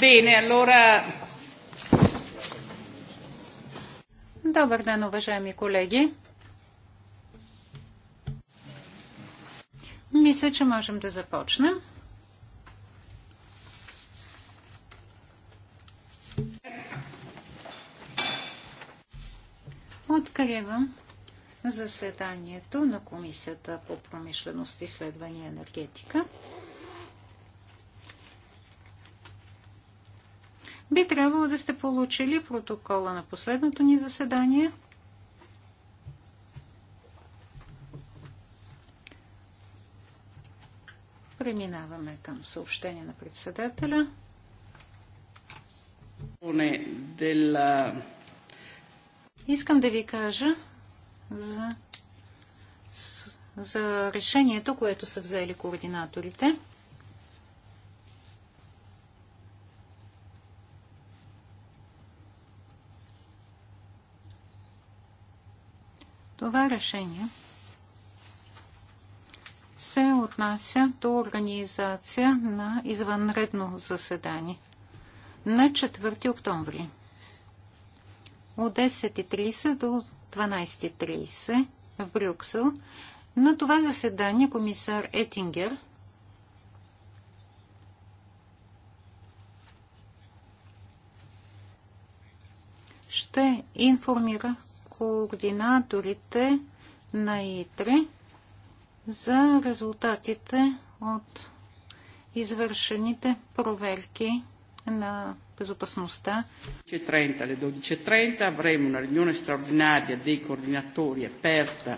Bene, allora... Добър ден, уважаеми колеги. Мисля, че можем да започнем. Откривам заседанието на Комисията по промишленост, и следвания енергетика. Би трябвало да сте получили протокола на последното ни заседание. Преминаваме към съобщение на председателя. Искам да ви кажа за, за решението, което са взели координаторите. Това решение се отнася до организация на извънредно заседание на 4 октомври от 10.30 до 12.30 в Брюксел. На това заседание комисар Етингер ще информира координаторите на ИТРЕ за резултатите от извършените проверки на безопасността. 12.30 alle 12.30 avremo una riunione straordinaria dei coordinatori aperta.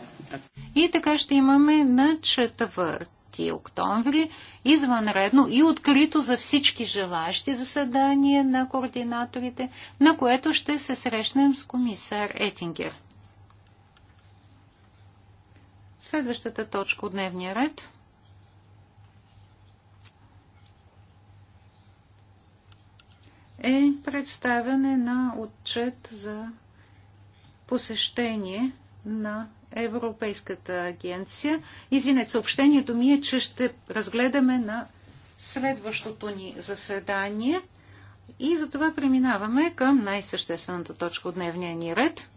И така ще имаме на четвърт 3 октомври, извънредно и открито за всички желащи заседание на координаторите, на което ще се срещнем с комисар Етингер. Следващата точка от дневния ред. е представяне на отчет за посещение на Европейската агенция. Извинете, съобщението ми е, че ще разгледаме на следващото ни заседание и затова преминаваме към най-съществената точка от дневния ни ред.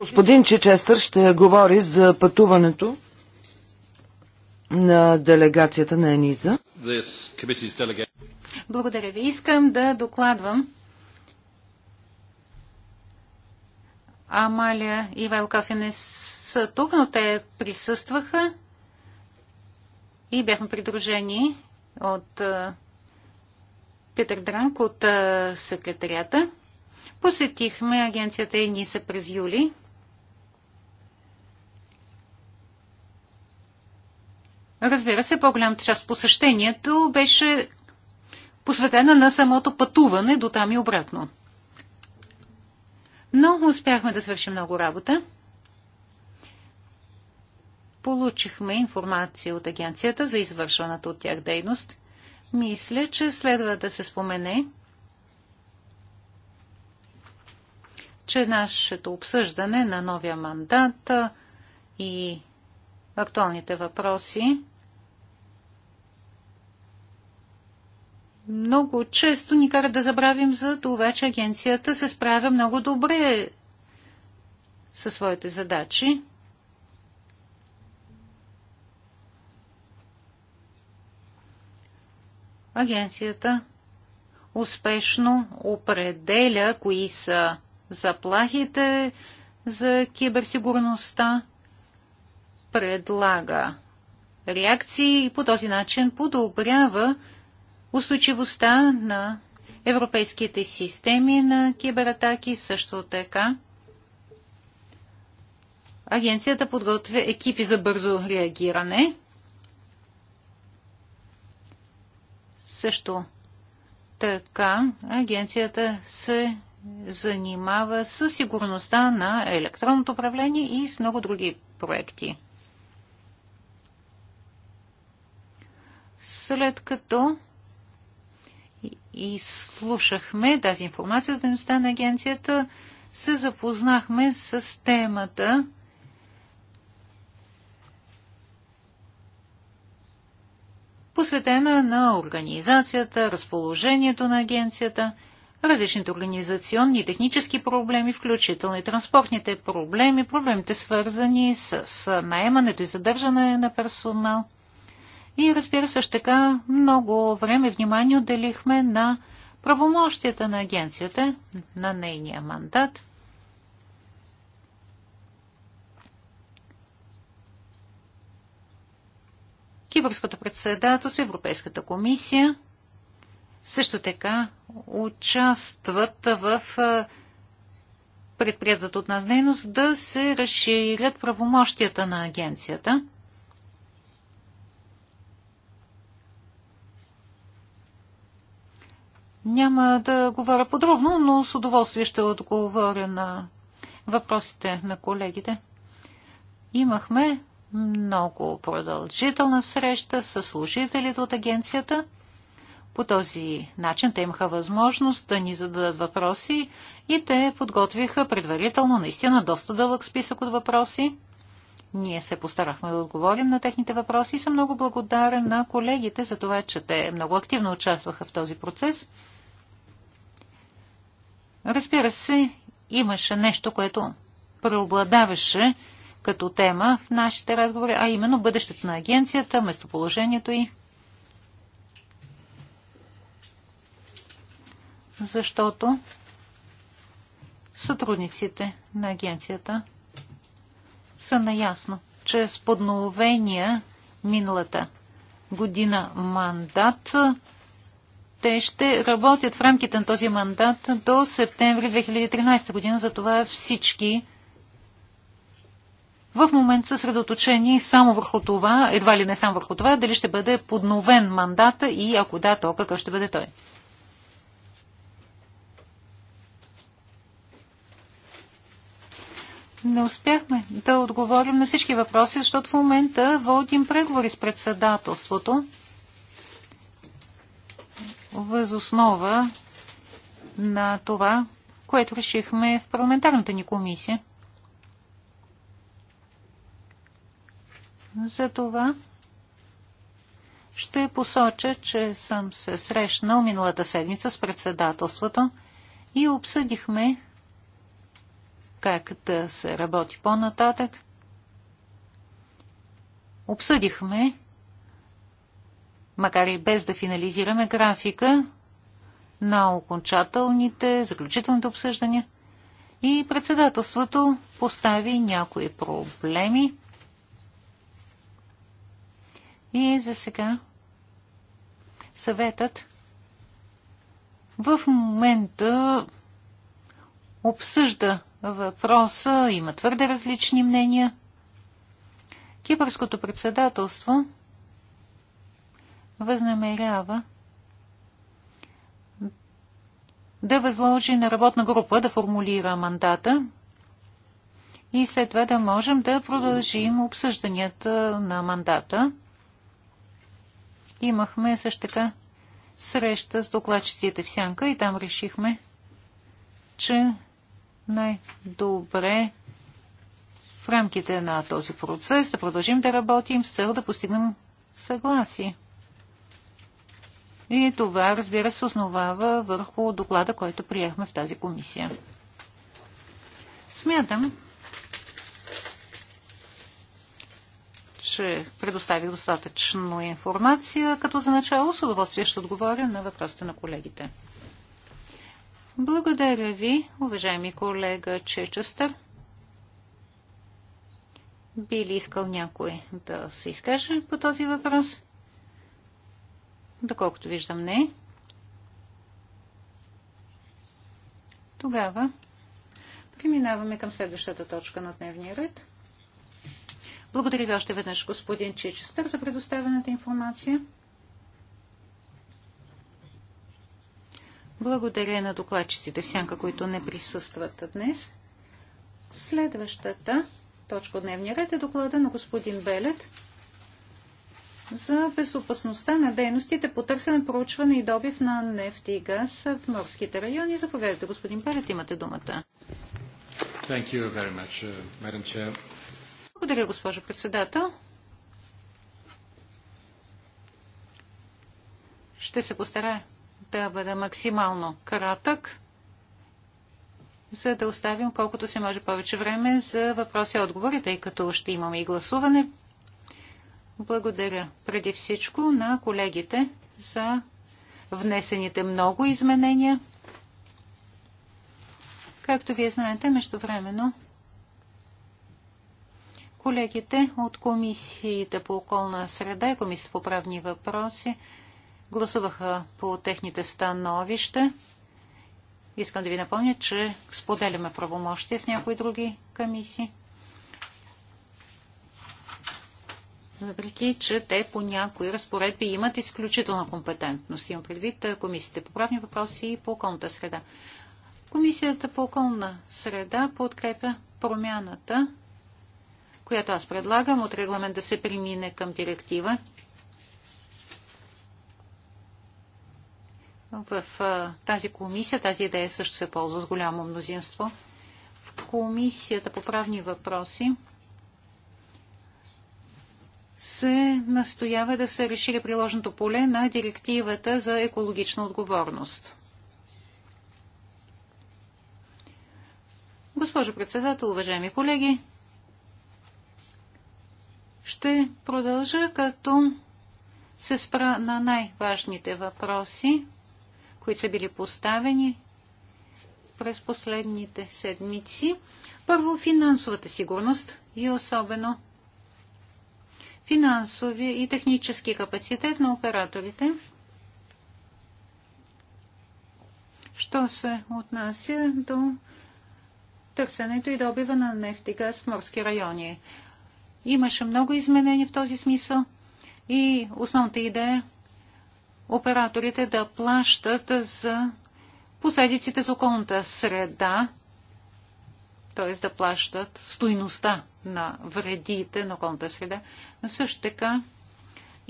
Господин Чечестър ще говори за пътуването на делегацията на ЕНИЗА. Благодаря ви. Искам да докладвам Амалия и Велкафе не са тук, но те присъстваха и бяхме придружени от Петър Дранк от секретарията. Посетихме агенцията Ениса през юли. Разбира се, по-голямата част посещението беше посветена на самото пътуване до там и обратно. Но успяхме да свършим много работа. Получихме информация от агенцията за извършваната от тях дейност. Мисля, че следва да се спомене, че нашето обсъждане на новия мандат и актуалните въпроси много често ни кара да забравим за това, че агенцията се справя много добре със своите задачи. Агенцията успешно определя кои са заплахите за киберсигурността, предлага реакции и по този начин подобрява устойчивостта на европейските системи на кибератаки, също така. Агенцията подготвя екипи за бързо реагиране. Също така агенцията се занимава с сигурността на електронното управление и с много други проекти. След като и слушахме тази информация от дейността на агенцията, се запознахме с темата. посветена на организацията, разположението на агенцията, различните организационни и технически проблеми, включително и транспортните проблеми, проблемите свързани с наемането и задържане на персонал – и разбира се така много време внимание отделихме на правомощията на агенцията, на нейния мандат. Кипърското председателство, Европейската комисия също така участват в предприятата от нас дейност да се разширят правомощията на агенцията – Няма да говоря подробно, но с удоволствие ще отговоря на въпросите на колегите. Имахме много продължителна среща с служителите от агенцията. По този начин те имаха възможност да ни зададат въпроси и те подготвиха предварително наистина доста дълъг списък от въпроси. Ние се постарахме да отговорим на техните въпроси и съм много благодарен на колегите за това, че те много активно участваха в този процес. Разбира се, имаше нещо, което преобладаваше като тема в нашите разговори, а именно бъдещето на агенцията, местоположението й. Защото сътрудниците на агенцията са наясно, че с подновения миналата година мандат те ще работят в рамките на този мандат до септември 2013 година. Затова всички в момент са средоточени само върху това, едва ли не само върху това, дали ще бъде подновен мандата и ако да, то какъв ще бъде той. Не успяхме да отговорим на всички въпроси, защото в момента водим преговори с председателството възоснова на това, което решихме в парламентарната ни комисия. За това ще посоча, че съм се срещнал миналата седмица с председателството и обсъдихме как да се работи по-нататък. Обсъдихме макар и без да финализираме графика на окончателните, заключителните обсъждания. И председателството постави някои проблеми. И за сега съветът в момента обсъжда въпроса, има твърде различни мнения. Кипърското председателство възнамерява да възложи на работна група да формулира мандата и след това да можем да продължим обсъжданията на мандата. Имахме също така среща с докладчиците в Сянка и там решихме, че най-добре в рамките на този процес да продължим да работим с цел да постигнем съгласие. И това, разбира се, основава върху доклада, който приехме в тази комисия. Смятам, че предоставих достатъчно информация, като за начало с удоволствие ще отговоря на въпросите на колегите. Благодаря ви, уважаеми колега Чечестър. Би ли искал някой да се изкаже по този въпрос? Доколкото виждам не. Тогава преминаваме към следващата точка на дневния ред. Благодаря ви още веднъж, господин Чичестър, за предоставената информация. Благодаря на докладчиците всяка, сянка, които не присъстват днес. Следващата точка от дневния ред е доклада на господин Белет за безопасността на дейностите по търсене, проучване и добив на нефти и газ в морските райони. Заповядайте, господин Парет, имате думата. Much, uh, Благодаря, госпожо председател. Ще се постарая да бъда максимално кратък, за да оставим колкото се може повече време за въпроси и отговори, тъй като ще имаме и гласуване благодаря преди всичко на колегите за внесените много изменения. Както вие знаете, междувременно колегите от Комисията по околна среда и Комисията по правни въпроси гласуваха по техните становища. Искам да ви напомня, че споделяме правомощия с някои други комисии. въпреки че те по някои разпоредби имат изключителна компетентност. Имам предвид комисията по правни въпроси и по околната среда. Комисията по околна среда подкрепя промяната, която аз предлагам от регламент да се премине към директива. В тази комисия тази идея също се ползва с голямо мнозинство. В комисията по правни въпроси се настоява да се разшири приложното поле на директивата за екологична отговорност. Госпожо председател, уважаеми колеги, ще продължа като се спра на най-важните въпроси, които са били поставени през последните седмици. Първо, финансовата сигурност и особено финансови и технически капацитет на операторите. Що се отнася до търсенето и добива на нефт и газ в морски райони. Имаше много изменения в този смисъл и основната идея е операторите да плащат за последиците за околната среда т.е. да плащат стойността на вредите на околната среда. Но също така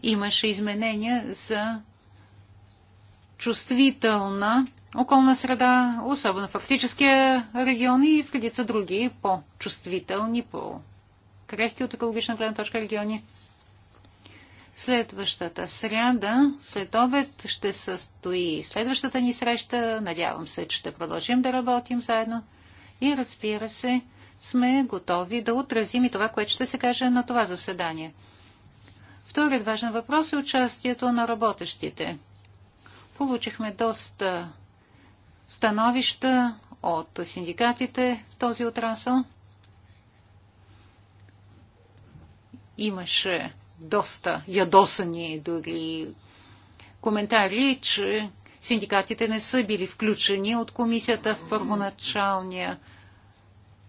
имаше изменения за чувствителна околна среда, особено в фактическия регион и в редица други по-чувствителни, по-крехки от екологична гледна точка региони. Следващата сряда, след обед, ще състои следващата ни среща. Надявам се, че ще продължим да работим заедно и разбира се, сме готови да отразим и това, което ще се каже на това заседание. Вторият важен въпрос е участието на работещите. Получихме доста становища от синдикатите в този отрасъл. Имаше доста ядосани дори коментари, че Синдикатите не са били включени от комисията в първоначалния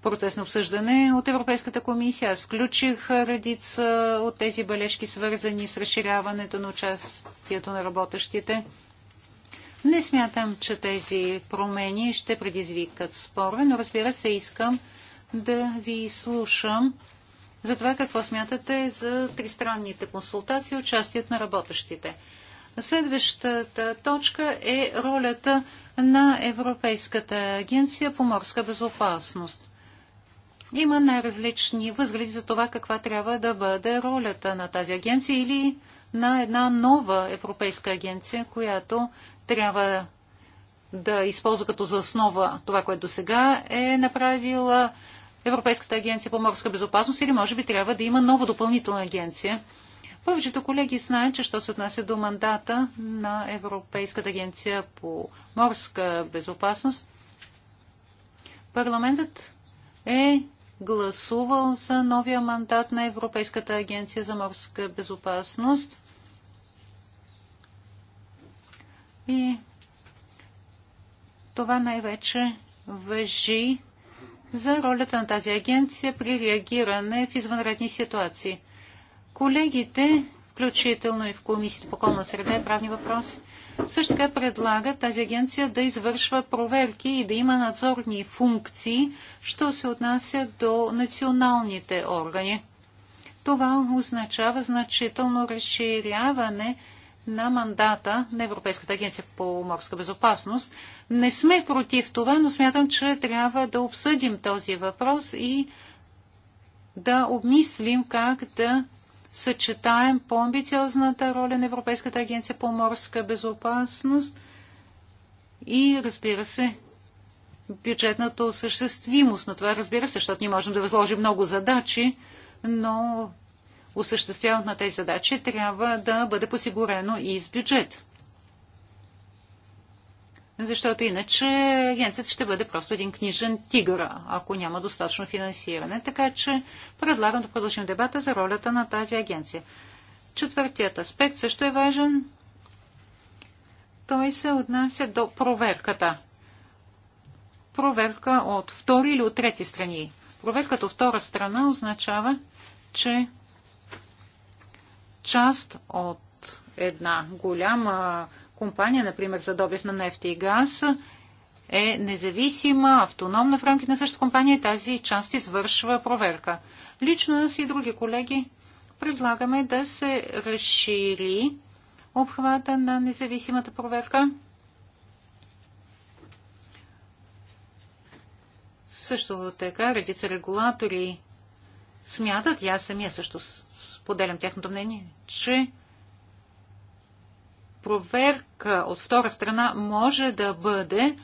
процес на обсъждане от Европейската комисия. Аз включих редица от тези бележки, свързани с разширяването на участието на работещите. Не смятам, че тези промени ще предизвикат спорове, но разбира се, искам да ви слушам за това какво смятате за тристранните консултации и участието на работещите. Следващата точка е ролята на Европейската агенция по морска безопасност. Има най-различни възгледи за това каква трябва да бъде ролята на тази агенция или на една нова европейска агенция, която трябва да използва като за основа това, което до сега е направила Европейската агенция по морска безопасност или може би трябва да има нова допълнителна агенция. Повечето колеги знаят, че що се отнася до мандата на Европейската агенция по морска безопасност, парламентът е гласувал за новия мандат на Европейската агенция за морска безопасност. И това най-вече въжи за ролята на тази агенция при реагиране в извънредни ситуации. Колегите, включително и в Комисията по околна среда и правни въпроси, също така предлага тази агенция да извършва проверки и да има надзорни функции, що се отнася до националните органи. Това означава значително разширяване на мандата на Европейската агенция по морска безопасност. Не сме против това, но смятам, че трябва да обсъдим този въпрос и да обмислим как да съчетаем по-амбициозната роля на Европейската агенция по морска безопасност и, разбира се, бюджетната осъществимост на това, разбира се, защото ние можем да възложим много задачи, но осъществяването на тези задачи трябва да бъде посигурено и с бюджет защото иначе агенцията ще бъде просто един книжен тигър, ако няма достатъчно финансиране. Така че предлагам да продължим дебата за ролята на тази агенция. Четвъртият аспект също е важен. Той се отнася до проверката. Проверка от втори или от трети страни. Проверката от втора страна означава, че част от една голяма компания, например, за добив на нефти и газ, е независима, автономна в рамките на същата компания и тази част извършва проверка. Лично аз и други колеги предлагаме да се разшири обхвата на независимата проверка. Също така редица регулатори смятат, и аз самия също поделям тяхното мнение, че проверка от втора страна може да бъде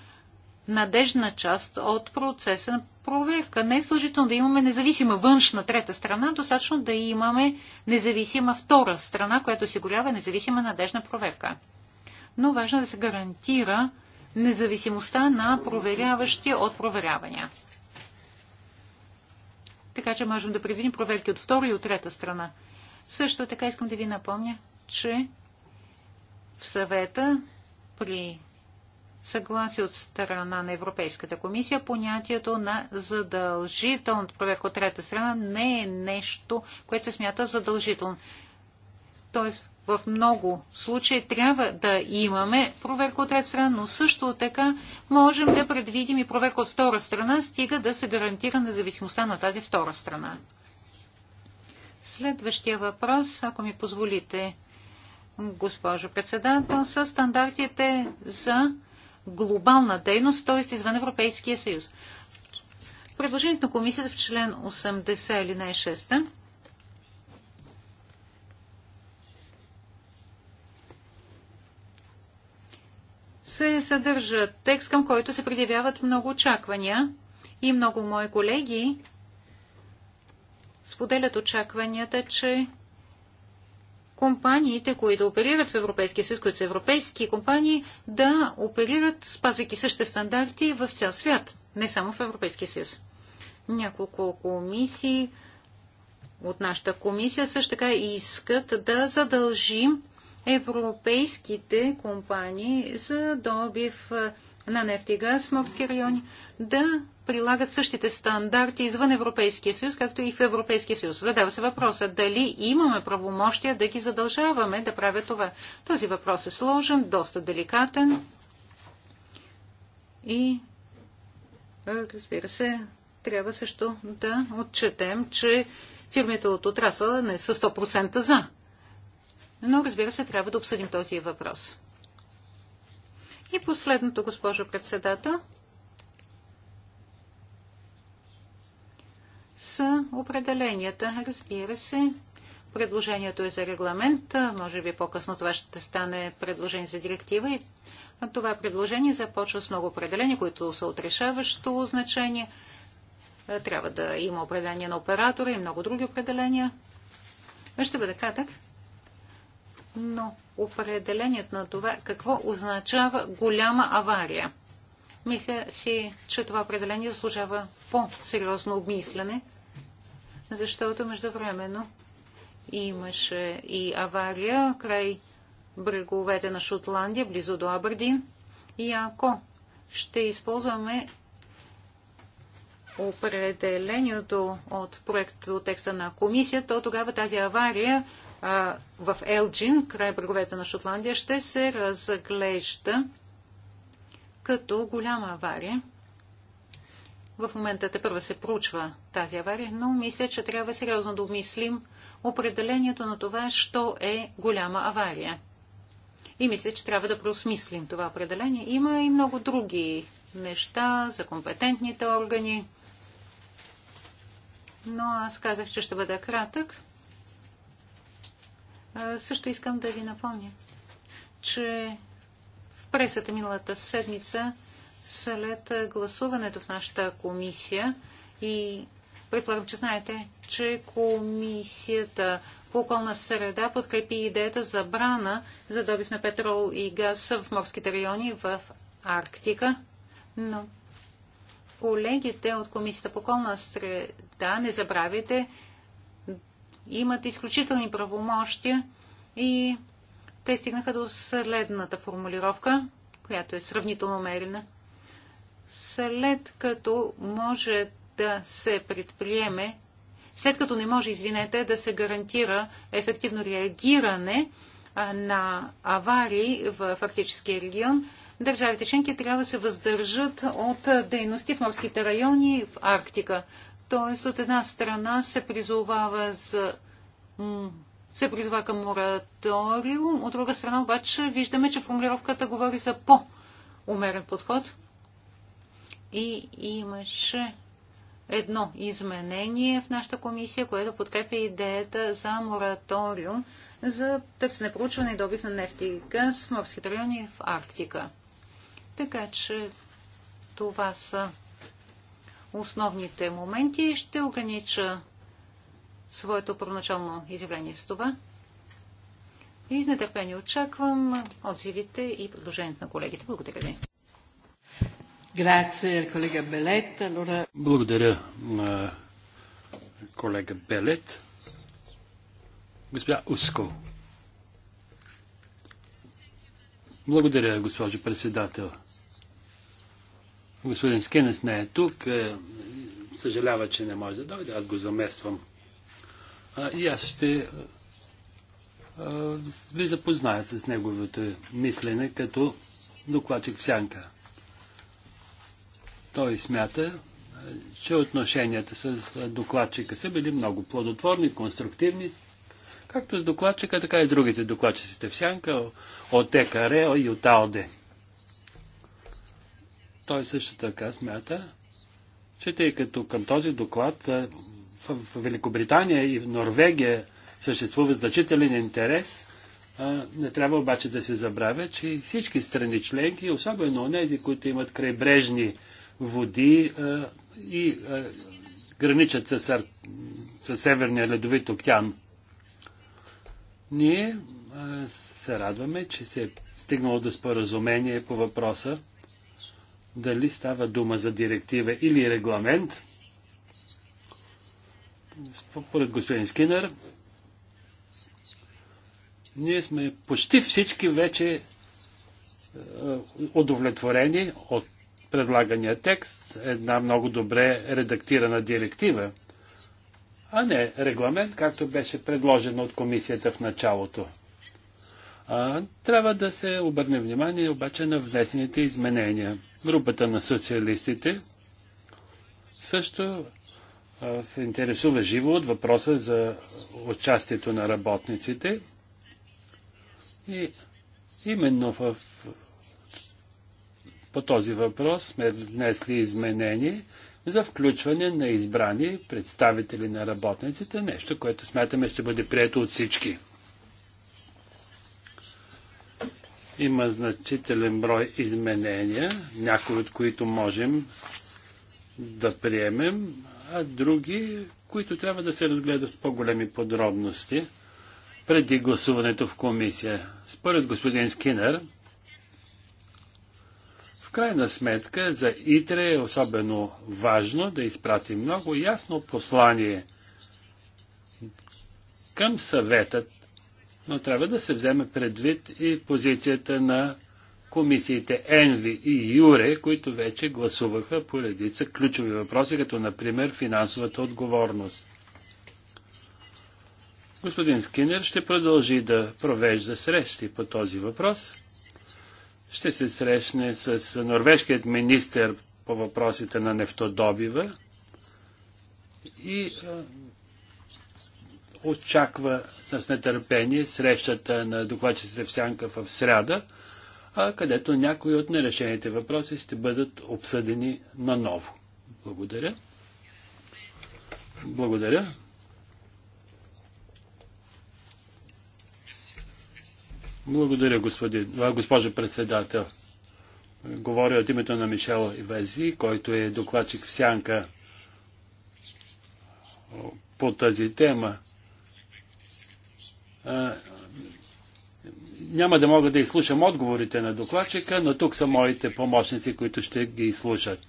надежна част от процеса на проверка. Не е сложително да имаме независима външна трета страна, достатъчно да имаме независима втора страна, която осигурява независима надежна проверка. Но важно е да се гарантира независимостта на проверяващи от проверявания. Така че можем да предвидим проверки от втора и от трета страна. Също така искам да ви напомня, че в съвета при съгласие от страна на Европейската комисия, понятието на задължителната проверка от трета страна не е нещо, което се смята задължително. Тоест, в много случаи трябва да имаме проверка от трета страна, но също така можем да предвидим и проверка от втора страна, стига да се гарантира независимостта на тази втора страна. Следващия въпрос, ако ми позволите, госпожо председател, са стандартите за глобална дейност, т.е. извън Европейския съюз. Предложението на комисията в член 80 или не 6 се съдържа текст, към който се предявяват много очаквания и много мои колеги споделят очакванията, че компаниите, които оперират в Европейския съюз, които са европейски компании, да оперират, спазвайки същите стандарти в цял свят, не само в Европейския съюз. Няколко комисии от нашата комисия също така искат да задължим европейските компании за добив на нефти и газ в морски райони да прилагат същите стандарти извън Европейския съюз, както и в Европейския съюз. Задава се въпроса дали имаме правомощия да ги задължаваме да правят това. Този въпрос е сложен, доста деликатен и разбира се, трябва също да отчетем, че фирмите от отрасъла не са 100% за. Но разбира се, трябва да обсъдим този въпрос. И последното, госпожо председател, С определенията. Разбира се, предложението е за регламент. Може би по-късно това ще стане предложение за директива и това предложение започва с много определения, които са отрешаващо значение. Трябва да има определение на оператора и много други определения. Ще бъде кратък. Но определението на това какво означава голяма авария. Мисля си, че това определение заслужава по-сериозно обмислене защото междувременно имаше и авария край бреговете на Шотландия, близо до Абердин. И ако ще използваме определението от проект от текста на комисия, то тогава тази авария а, в Елджин, край бреговете на Шотландия, ще се разглежда като голяма авария. В момента те първа се проучва тази авария, но мисля, че трябва сериозно да обмислим определението на това, що е голяма авария. И мисля, че трябва да преосмислим това определение. Има и много други неща за компетентните органи. Но аз казах, че ще бъда кратък. Също искам да ви напомня, че в пресата миналата седмица след гласуването в нашата комисия и предполагам, че знаете, че комисията по околна среда подкрепи идеята за брана за добив на петрол и газ в морските райони в Арктика. Но колегите от комисията по околна среда, не забравяйте, имат изключителни правомощия и те стигнаха до следната формулировка, която е сравнително умерена след като може да се предприеме, след като не може, извинете, да се гарантира ефективно реагиране на аварии в фактическия регион, държавите членки трябва да се въздържат от дейности в морските райони в Арктика. Тоест, от една страна се призовава за се призва към мораториум, от друга страна обаче виждаме, че формулировката говори за по-умерен подход. И имаше едно изменение в нашата комисия, което подкрепя идеята за мораториум за търсене, проучване и добив на нефти и газ в морските райони в Арктика. Така че това са основните моменти. Ще огранича своето първоначално изявление с това. И с нетърпение очаквам отзивите и предложението на колегите. Благодаря ви. Благодаря на колега Белет. Госпожа Уско. Благодаря, госпожо председател. Господин Скенес не е тук. Е, съжалява, че не може да дойде. Аз го замествам. и аз ще е, е, ви запозная с неговото мислене като докладчик в сянка. Той смята, че отношенията с докладчика са били много плодотворни, конструктивни, както с докладчика, така и другите докладчици в Сянка, от Екаре и от Алде. Той също така смята, че тъй като към този доклад в Великобритания и в Норвегия съществува значителен интерес, не трябва обаче да се забравя, че всички страни членки, особено тези, които имат крайбрежни води и граничат със със Северния ледовит океан. Ние се радваме, че се е стигнало до споразумение по въпроса дали става дума за директива или регламент. Според господин Скинер, ние сме почти всички вече удовлетворени от предлагания текст една много добре редактирана директива, а не регламент, както беше предложено от комисията в началото. А, трябва да се обърне внимание обаче на внесените изменения. Групата на социалистите също а, се интересува живо от въпроса за участието на работниците и именно в по този въпрос сме внесли изменение за включване на избрани представители на работниците, нещо, което смятаме ще бъде прието от всички. Има значителен брой изменения, някои от които можем да приемем, а други, които трябва да се разгледат в по-големи подробности преди гласуването в комисия. Според господин Скинер, крайна сметка за ИТРЕ е особено важно да изпрати много ясно послание към съветът, но трябва да се вземе предвид и позицията на комисиите ЕНВИ и ЮРЕ, които вече гласуваха по редица ключови въпроси, като например финансовата отговорност. Господин Скинер ще продължи да провежда срещи по този въпрос – ще се срещне с норвежкият министр по въпросите на нефтодобива и очаква с нетърпение срещата на докладчиците в Сянка в сряда, където някои от нерешените въпроси ще бъдат обсъдени наново. Благодаря. Благодаря. Благодаря, господин, госпожо председател. Говоря от името на Мишел Ивези, който е докладчик в Сянка по тази тема. А, няма да мога да изслушам отговорите на докладчика, но тук са моите помощници, които ще ги изслушат.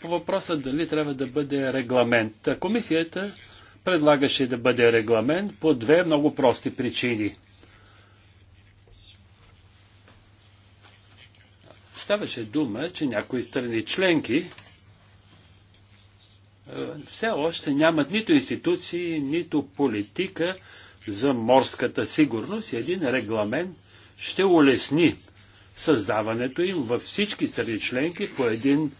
По въпроса дали трябва да бъде регламент. Комисията предлагаше да бъде регламент по две много прости причини – Ставаше дума, че някои страни членки е, все още нямат нито институции, нито политика за морската сигурност и един регламент ще улесни създаването им във всички страни членки по един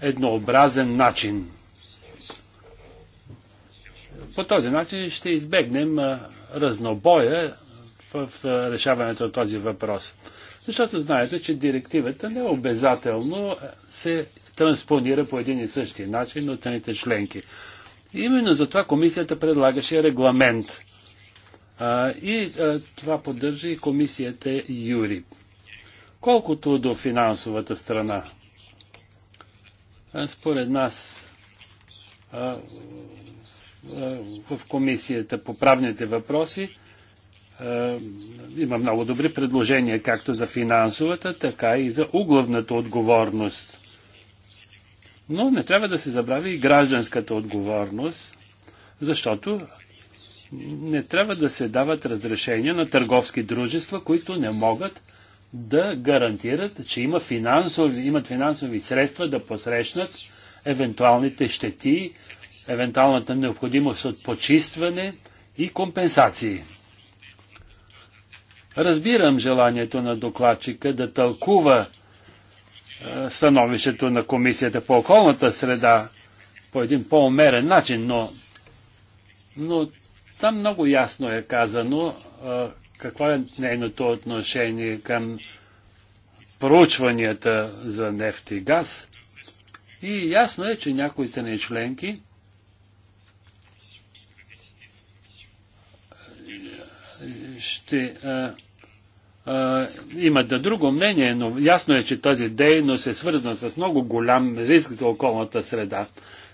еднообразен начин. По този начин ще избегнем разнобоя в решаването на този въпрос. Защото знаете, че директивата не обязателно се транспонира по един и същи начин от страните членки. Именно за това комисията предлагаше регламент. А, и а, това поддържа и комисията Юри. Колкото до финансовата страна, а, според нас а, а, в комисията по правните въпроси, е, има много добри предложения, както за финансовата, така и за углавната отговорност. Но не трябва да се забрави и гражданската отговорност, защото не трябва да се дават разрешения на търговски дружества, които не могат да гарантират, че има финансови, имат финансови средства да посрещнат евентуалните щети, евентуалната необходимост от почистване и компенсации. Разбирам желанието на докладчика да тълкува е, становището на Комисията по околната среда по един по-умерен начин, но, но там много ясно е казано е, какво е нейното отношение към проучванията за нефт и газ. И ясно е, че някои страни членки ще а, а, имат да друго мнение, но ясно е, че тази дейност е свързана с много голям риск за околната среда.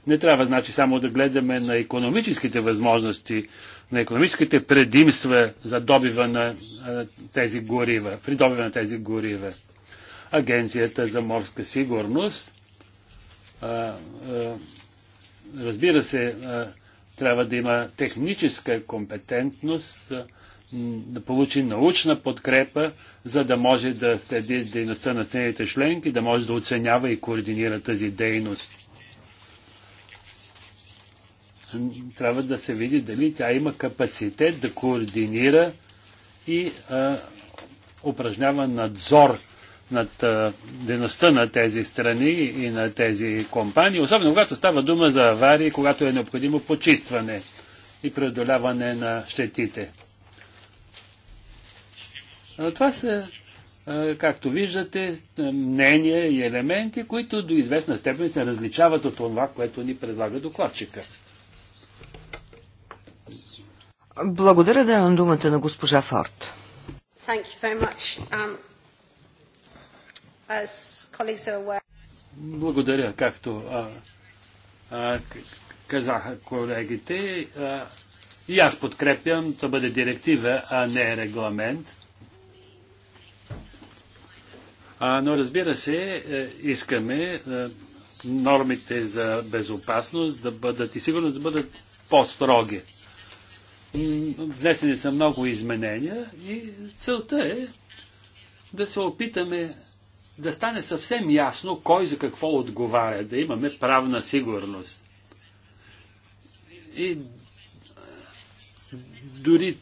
Не трябва, значи, само да гледаме на економическите възможности, на економическите предимства за добива на а, тези горива, при добива на тези горива. Агенцията за морска сигурност, а, а, разбира се, трябва да има техническа компетентност, да получи научна подкрепа, за да може да следи дейността на страните членки, да може да оценява и координира тази дейност. Трябва да се види дали тя има капацитет да координира и а, упражнява надзор над а, дейността на тези страни и на тези компании, особено когато става дума за аварии, когато е необходимо почистване и преодоляване на щетите. Това са, както виждате, мнения и елементи, които до известна степен се различават от това, което ни предлага докладчика. Благодаря, имам думата на госпожа Форд. Um, Благодаря, както а, а, казаха колегите. А, и аз подкрепям да бъде директива, а не регламент но разбира се, е, искаме е, нормите за безопасност да бъдат и сигурно да бъдат по-строги. Внесени са много изменения и целта е да се опитаме да стане съвсем ясно кой за какво отговаря, да имаме правна сигурност. И е, дори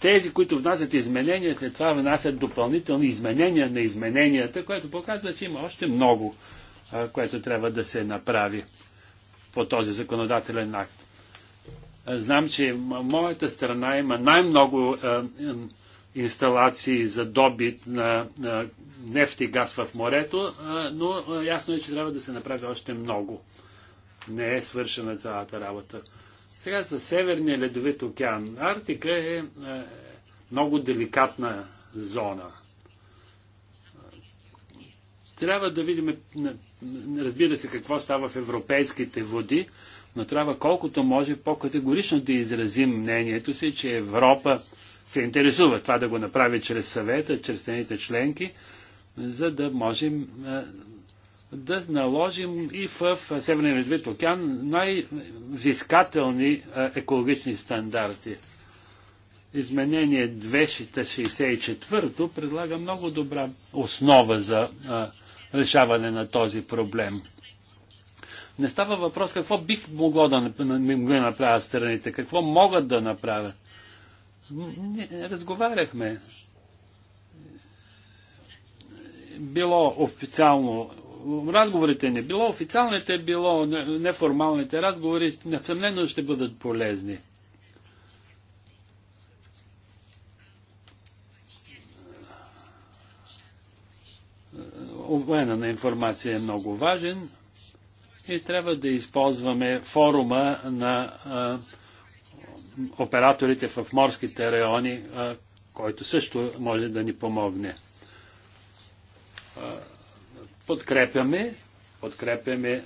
тези, които внасят изменения, след това внасят допълнителни изменения на измененията, което показва, че има още много, което трябва да се направи по този законодателен акт. знам, че моята страна има най-много инсталации за добит на, нефти нефт и газ в морето, но ясно е, че трябва да се направи още много. Не е свършена цялата работа. Сега за Северния ледовит океан. Арктика е, е много деликатна зона. Трябва да видим, е, разбира се, какво става в европейските води, но трябва колкото може по-категорично да изразим мнението си, че Европа се интересува това да го направи чрез съвета, чрез тените членки, за да можем е, да наложим и в Северния Ледовит океан най-взискателни екологични стандарти. Изменение 264 предлага много добра основа за решаване на този проблем. Не става въпрос какво бих могло да направят страните, какво могат да направят. Разговаряхме било официално разговорите не било официалните, било неформалните разговори, несъмнено ще бъдат полезни. Обмена на информация е много важен и трябва да използваме форума на а, операторите в морските райони, а, който също може да ни помогне подкрепяме, подкрепяме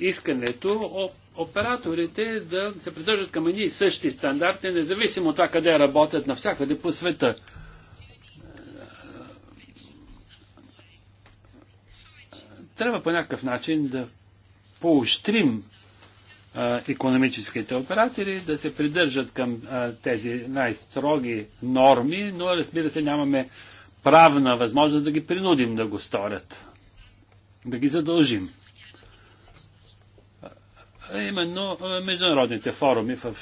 искането операторите да се придържат към едни и същи стандарти, независимо от това къде работят навсякъде по света. Трябва по някакъв начин да поощрим економическите оператори да се придържат към а, тези най-строги норми, но разбира се нямаме правна възможност да ги принудим да го сторят да ги задължим. А именно международните форуми в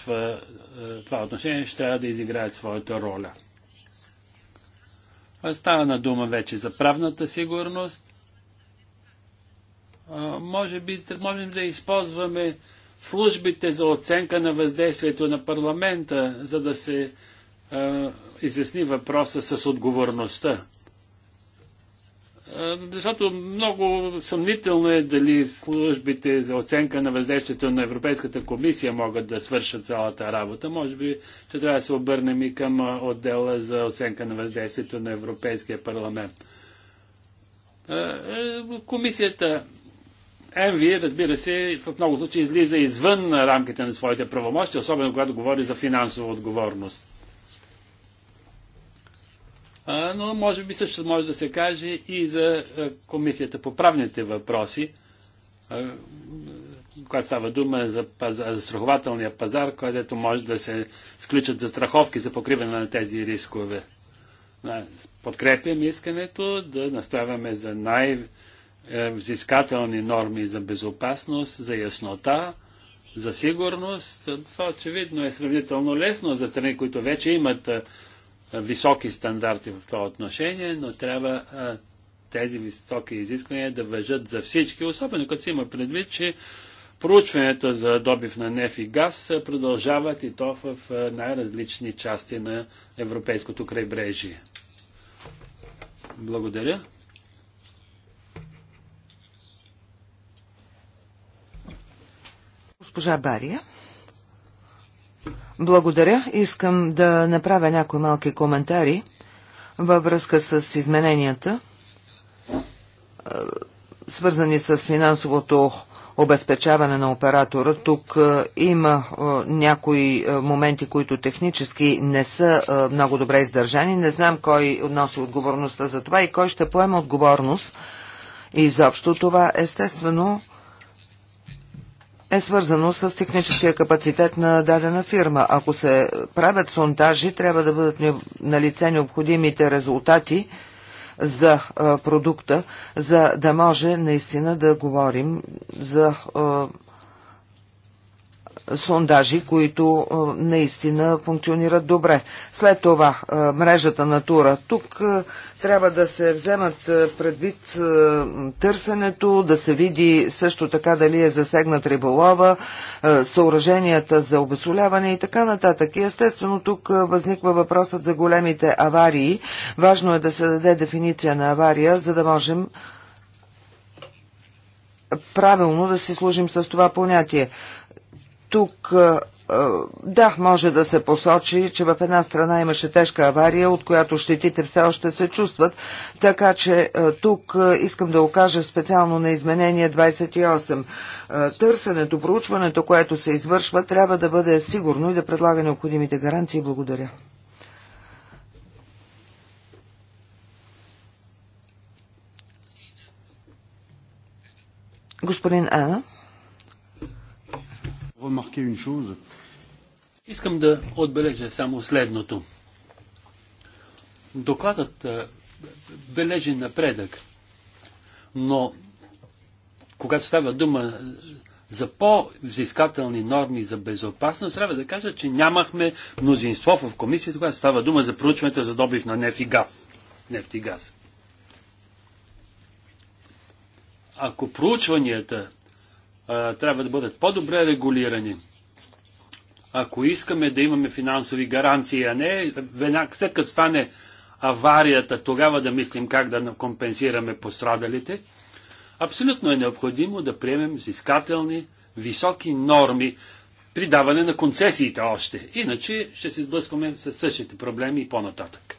това отношение ще трябва да изиграят своята роля. Става на дума вече за правната сигурност. Може би можем да използваме службите за оценка на въздействието на парламента, за да се изясни въпроса с отговорността. Защото много съмнително е дали службите за оценка на въздействието на Европейската комисия могат да свършат цялата работа. Може би ще трябва да се обърнем и към отдела за оценка на въздействието на Европейския парламент. Е, комисията ЕМВИ, разбира се, в много случаи излиза извън рамките на своите правомощи, особено когато говори за финансова отговорност но може би също може да се каже и за Комисията по правните въпроси, когато става дума за, пазар, за страхователния пазар, където може да се сключат застраховки за покриване на тези рискове. Подкрепям искането да настояваме за най-взискателни норми за безопасност, за яснота, за сигурност. Това очевидно е сравнително лесно за страни, които вече имат високи стандарти в това отношение, но трябва тези високи изисквания да въжат за всички, особено като се има предвид, че проучването за добив на неф и газ продължават и то в най-различни части на европейското крайбрежие. Благодаря. Госпожа Бария. Благодаря. Искам да направя някои малки коментари във връзка с измененията, свързани с финансовото обезпечаване на оператора. Тук има някои моменти, които технически не са много добре издържани. Не знам кой носи отговорността за това и кой ще поема отговорност. И изобщо това естествено е свързано с техническия капацитет на дадена фирма. Ако се правят сонтажи, трябва да бъдат на лице необходимите резултати за продукта, за да може наистина да говорим за сондажи, които наистина функционират добре. След това мрежата на тура. Тук трябва да се вземат предвид търсенето, да се види също така дали е засегнат риболова, съоръженията за обесоляване и така нататък. И естествено тук възниква въпросът за големите аварии. Важно е да се даде дефиниция на авария, за да можем правилно да си служим с това понятие. Тук да, може да се посочи, че в една страна имаше тежка авария, от която щетите все още се чувстват, така че тук искам да окажа специално на изменение 28. Търсенето, проучването, което се извършва, трябва да бъде сигурно и да предлага необходимите гаранции. Благодаря. Господин Ана. Искам да отбележа само следното. Докладът е, бележи напредък, но когато става дума е, за по-взискателни норми за безопасност, трябва да кажа, че нямахме мнозинство в комисията, когато става дума за проучването за добив на нефт и газ. Нефт и газ. Ако проучванията а, трябва да бъдат по-добре регулирани. Ако искаме да имаме финансови гаранции, а не веднага след като стане аварията, тогава да мислим как да компенсираме пострадалите, абсолютно е необходимо да приемем взискателни, високи норми при даване на концесиите още. Иначе ще се сблъскваме с същите проблеми и по-нататък.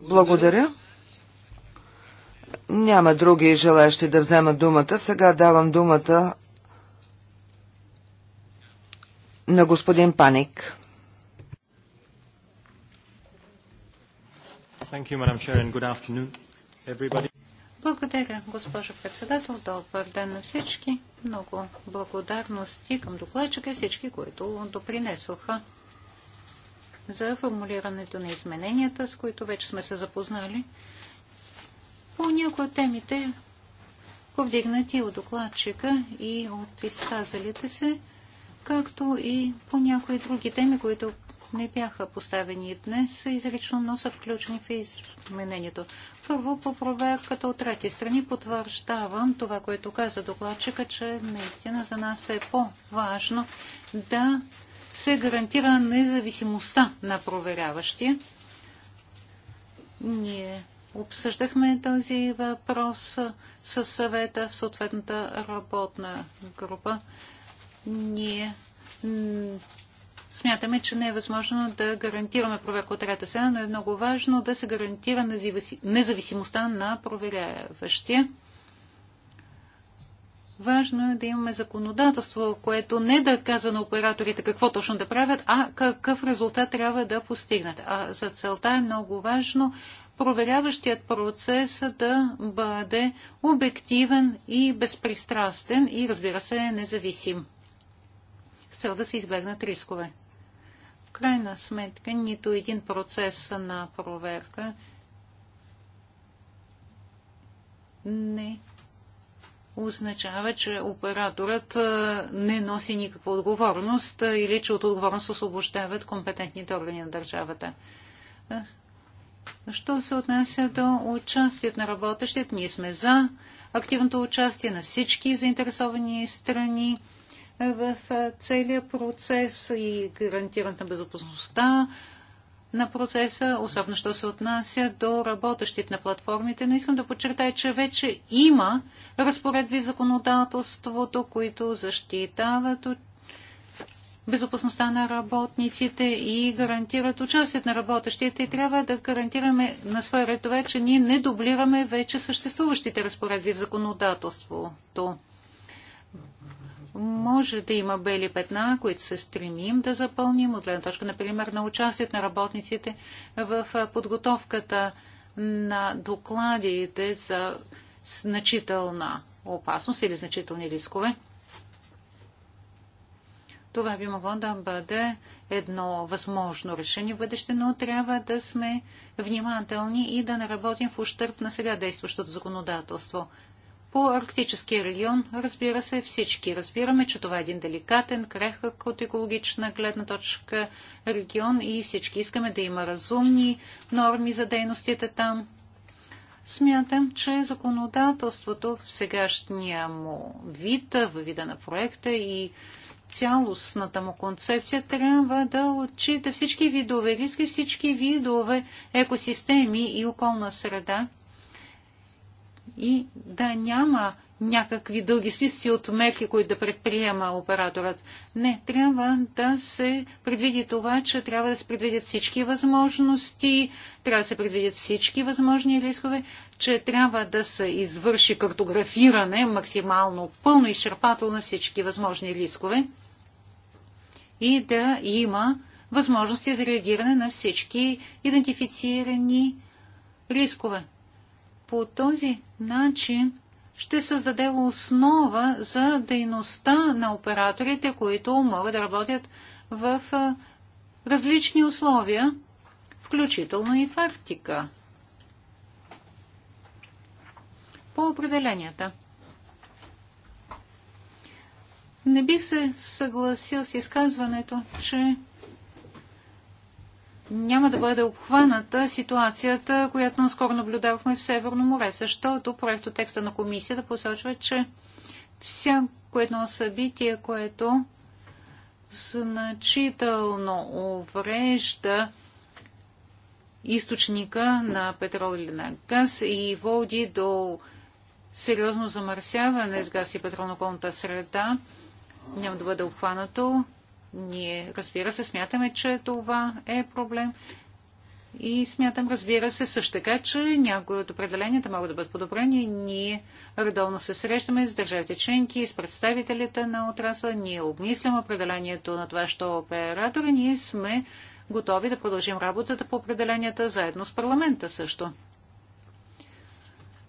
Благодаря. Няма други желащи да вземат думата. Сега давам думата на господин Паник. Благодаря, госпожо председател. Добър ден на всички. Много благодарности към докладчика и всички, които допринесоха за формулирането на измененията, с които вече сме се запознали по някои от темите, повдигнати от докладчика и от изказалите се, както и по някои други теми, които не бяха поставени днес изрично, но са включени в изменението. Първо, по проверката от трети страни потвърждавам това, което каза докладчика, че наистина за нас е по-важно да се гарантира независимостта на проверяващия. Ние Обсъждахме този въпрос със съвета в съответната работна група. Ние смятаме, че не е възможно да гарантираме проверка от трета страна, но е много важно да се гарантира независимостта на проверяващия. Важно е да имаме законодателство, което не да казва на операторите какво точно да правят, а какъв резултат трябва да постигнат. А за целта е много важно проверяващият процес да бъде обективен и безпристрастен и, разбира се, независим, с цел да се избегнат рискове. В крайна сметка, нито един процес на проверка не означава, че операторът не носи никаква отговорност или че от отговорност освобождават компетентните органи на държавата. Що се отнася до участието на работещите, ние сме за активното участие на всички заинтересовани страни в целия процес и гарантирането на безопасността на процеса, особено що се отнася до работещите на платформите. Но искам да подчертая, че вече има разпоредби в законодателството, които защитават безопасността на работниците и гарантират участието на работещите. И трябва да гарантираме на своя ред това, че ние не дублираме вече съществуващите разпоредби в законодателството. Може да има бели петна, които се стремим да запълним, от гледна точка, например, на участието на работниците в подготовката на докладите за значителна опасност или значителни рискове. Това би могло да бъде едно възможно решение в бъдеще, но трябва да сме внимателни и да не работим в ущърп на сега действащото законодателство. По арктическия регион, разбира се, всички разбираме, че това е един деликатен, крехък от екологична гледна точка регион и всички искаме да има разумни норми за дейностите там. Смятам, че законодателството в сегашния му вид, във вида на проекта и цялостната му концепция трябва да отчита всички видове риски, всички видове екосистеми и околна среда и да няма някакви дълги списъци от мерки, които да предприема операторът. Не, трябва да се предвиди това, че трябва да се предвидят всички възможности, трябва да се предвидят всички възможни рискове, че трябва да се извърши картографиране максимално пълно изчерпателно на всички възможни рискове и да има възможности за реагиране на всички идентифицирани рискове. По този начин ще създаде основа за дейността на операторите, които могат да работят в различни условия, включително и в Арктика. По определенията – не бих се съгласил с изказването, че няма да бъде обхваната ситуацията, която наскоро наблюдавахме в Северно море, защото проекто текста на комисията посочва, че всяко едно събитие, което значително уврежда източника на петрол или на газ и води до сериозно замърсяване с газ и петрол на околната среда, няма да бъде обхванато. Ние, разбира се, смятаме, че това е проблем. И смятам, разбира се, също така, че някои от определенията могат да бъдат подобрени. Ние редовно се срещаме с държавите членки, с представителите на отрасла. Ние обмислям определението на това, що е оператор и ние сме готови да продължим работата по определенията заедно с парламента също.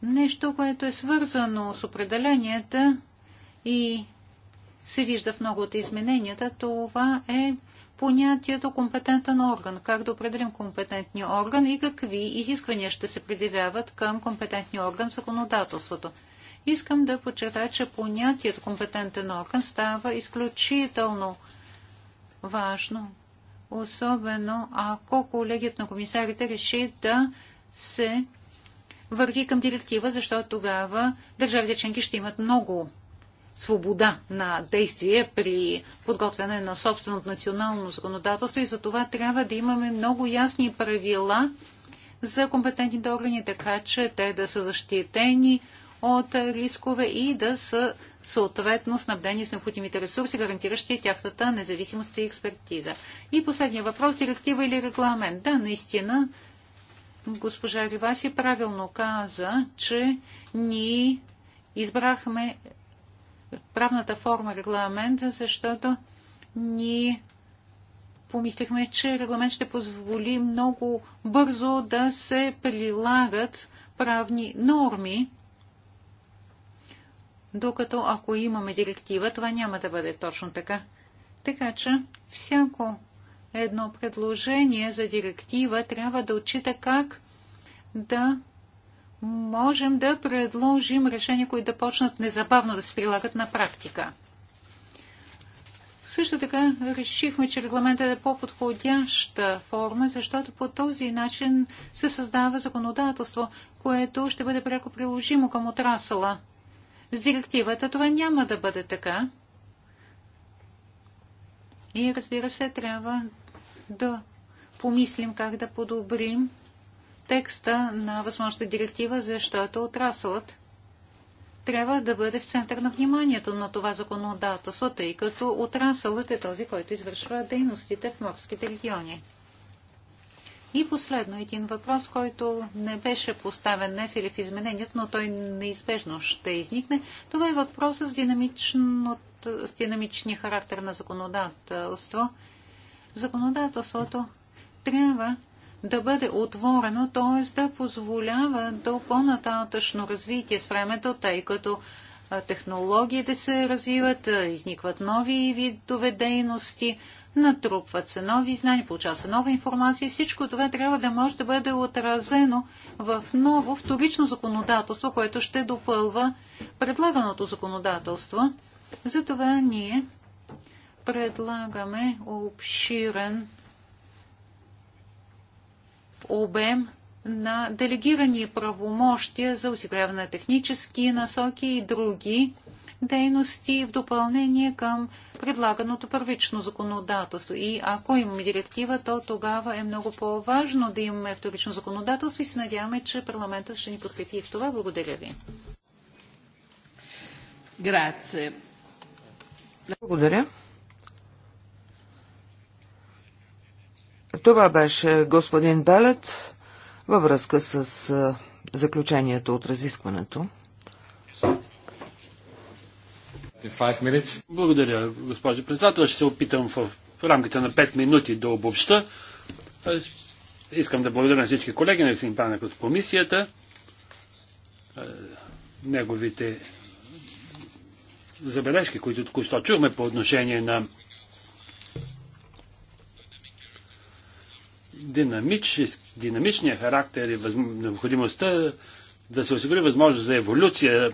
Нещо, което е свързано с определенията и се вижда в много от измененията, това е понятието компетентен орган. Как да определим компетентния орган и какви изисквания ще се предявяват към компетентния орган в законодателството. Искам да подчертая, че понятието компетентен орган става изключително важно, особено ако колегият на комисарите реши да се върви към директива, защото тогава държавите членки ще имат много свобода на действие при подготвяне на собственото национално законодателство и за това трябва да имаме много ясни правила за компетентните органи, така че те да са защитени от рискове и да са съответно снабдени с необходимите ресурси, гарантиращи тяхната независимост и експертиза. И последния въпрос – директива или регламент? Да, наистина, госпожа Риваси правилно каза, че ние избрахме правната форма регламент, защото ние помислихме, че регламент ще позволи много бързо да се прилагат правни норми, докато ако имаме директива, това няма да бъде точно така. Така че всяко едно предложение за директива трябва да отчита как да можем да предложим решения, които да почнат незабавно да се прилагат на практика. Също така решихме, че регламентът е по-подходяща форма, защото по този начин се създава законодателство, което ще бъде пряко приложимо към отрасъла. С директивата това няма да бъде така. И разбира се, трябва да помислим как да подобрим текста на възможната директива, защото отрасълът трябва да бъде в център на вниманието на това законодателство, тъй като отрасълът е този, който извършва дейностите в морските региони. И последно един въпрос, който не беше поставен днес или в изменението, но той неизбежно ще изникне. Това е въпросът с, с динамичния характер на законодателство. Законодателството трябва да бъде отворено, т.е. да позволява до по-нататъчно развитие с времето, тъй като технологиите се развиват, изникват нови видове дейности, натрупват се нови знания, получава се нова информация и всичко това трябва да може да бъде отразено в ново вторично законодателство, което ще допълва предлаганото законодателство. Затова ние предлагаме обширен обем на делегирани правомощия за осигуряване на технически насоки и други дейности в допълнение към предлаганото първично законодателство. И ако имаме директива, то тогава е много по-важно да имаме вторично законодателство и се надяваме, че парламентът ще ни подкрепи в това. Благодаря ви. Благодаря. Това беше господин Белет във връзка с заключението от разискването. Благодаря, госпожо председател. Ще се опитам в рамките на 5 минути да обобща. Искам да благодаря на всички колеги, на господин Панек от комисията, неговите забележки, които току-що чухме по отношение на динамич, динамичния характер и възм... необходимостта да се осигури възможност за еволюция.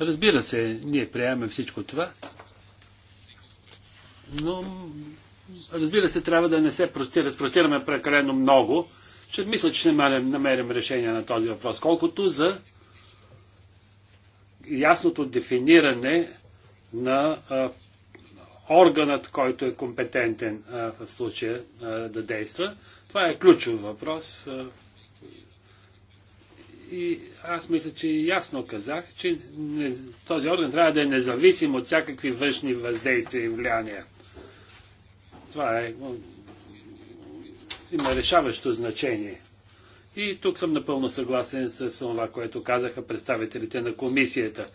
Разбира се, ние приемаме всичко това, но разбира се, трябва да не се разпростираме прекалено много. Ще мисля, че ще намерим, намерим решение на този въпрос. Колкото за ясното дефиниране на а, органът, който е компетентен а, в случая а, да действа. Това е ключов въпрос. А, и аз мисля, че ясно казах, че не, този орган трябва да е независим от всякакви външни въздействия и влияния. Това е, има решаващо значение. И тук съм напълно съгласен с това, което казаха представителите на комисията.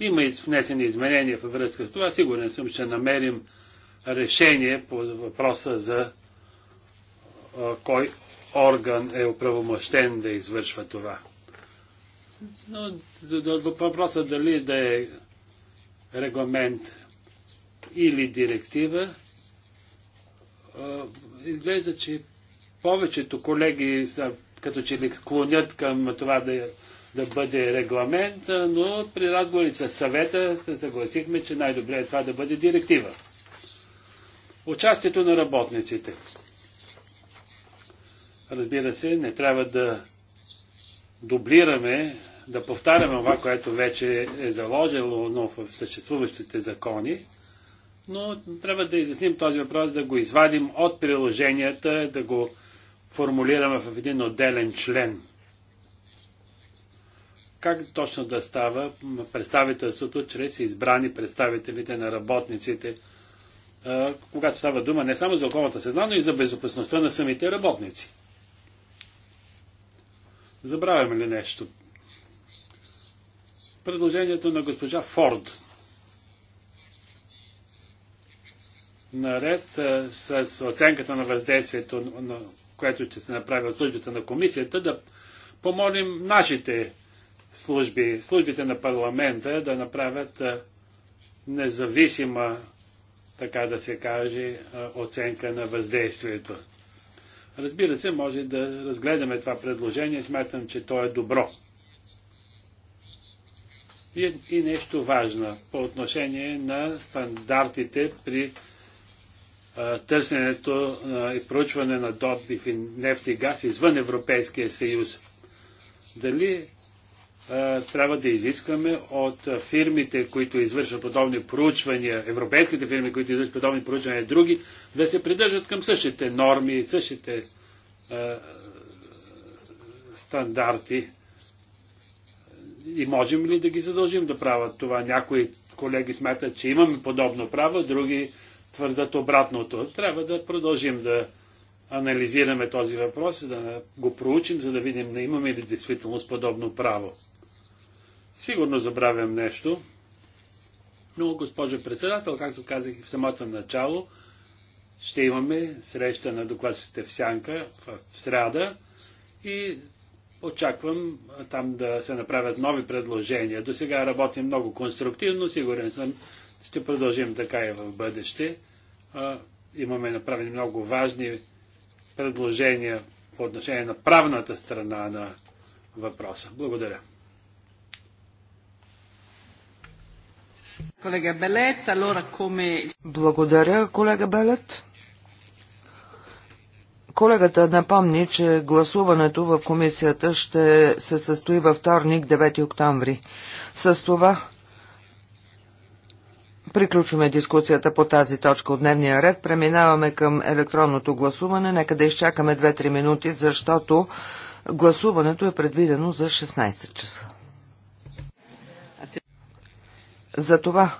Има и внесени изменения във връзка с това. Сигурен съм, че намерим решение по въпроса за а, кой орган е оправомощен да извършва това. Но за въпроса дали да е регламент или директива, изглежда, че повечето колеги са като че ли склонят към това да е да бъде регламент, но при разговори с съвета се съгласихме, че най-добре е това да бъде директива. Участието на работниците. Разбира се, не трябва да дублираме, да повтаряме това, което вече е заложено но в съществуващите закони, но трябва да изясним този въпрос, да го извадим от приложенията, да го формулираме в един отделен член – как точно да става представителството чрез избрани представителите на работниците, когато става дума не само за околната среда, но и за безопасността на самите работници. Забравяме ли нещо? Предложението на госпожа Форд. Наред с оценката на въздействието, което ще се направи от службите на комисията, да помолим нашите служби, службите на парламента да направят независима, така да се каже, оценка на въздействието. Разбира се, може да разгледаме това предложение. Смятам, че то е добро. И, и нещо важно по отношение на стандартите при а, търсенето а, и проучване на добив и нефт и газ извън Европейския съюз. Дали е, трябва да изискаме от фирмите, които извършват подобни проучвания, европейските фирми, които извършват подобни проучвания и други, да се придържат към същите норми, същите е, стандарти. И можем ли да ги задължим да правят това? Някои колеги смятат, че имаме подобно право, други твърдат обратното. Трябва да продължим да анализираме този въпрос и да го проучим, за да видим, не имаме ли действително подобно право. Сигурно забравям нещо, но, госпожо председател, както казах и в самото начало, ще имаме среща на докладчите в Сянка в сряда и очаквам там да се направят нови предложения. До сега работим много конструктивно, сигурен съм, ще продължим така и в бъдеще. Имаме направени много важни предложения по отношение на правната страна на въпроса. Благодаря. Колега Белет, алора коме... Благодаря, колега Белет. Колегата напомни, че гласуването в комисията ще се състои във вторник, 9 октомври. С това Приключваме дискусията по тази точка от дневния ред. Преминаваме към електронното гласуване. Нека да изчакаме 2-3 минути, защото гласуването е предвидено за 16 часа за това.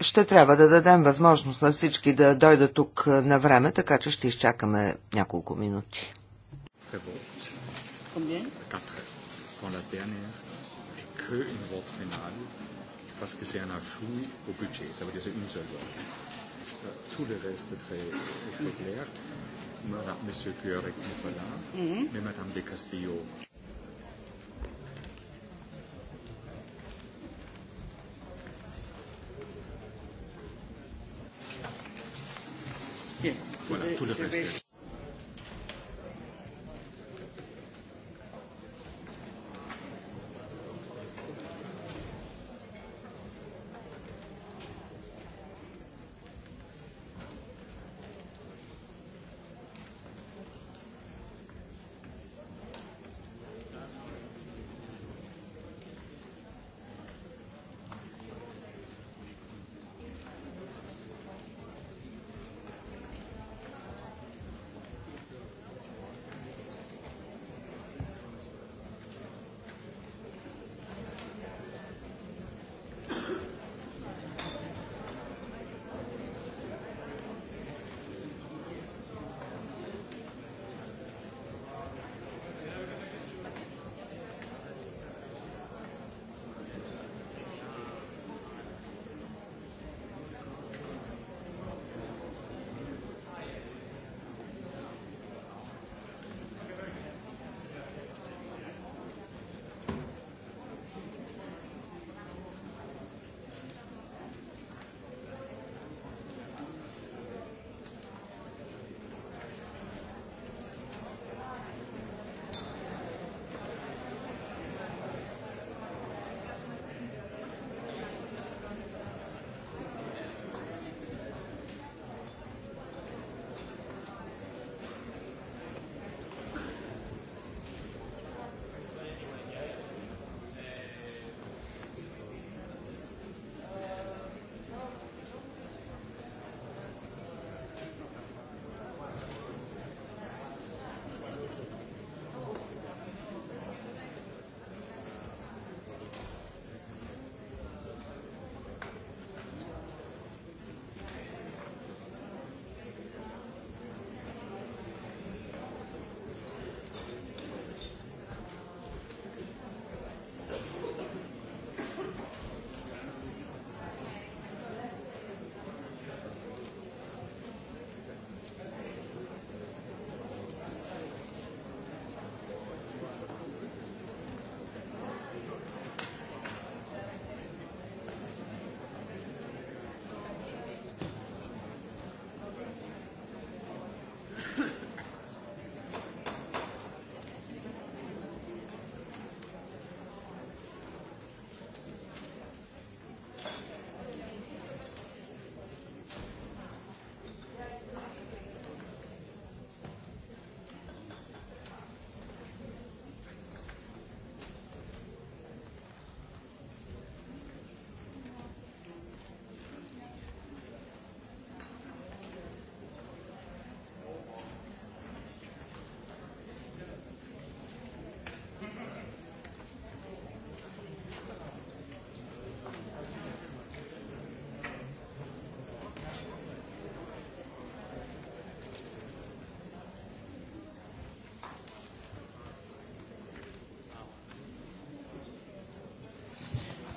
Ще трябва да дадем възможност на всички да дойда тук на време, така че ще изчакаме няколко минути. Tous les mm -hmm. Voilà, tout le reste.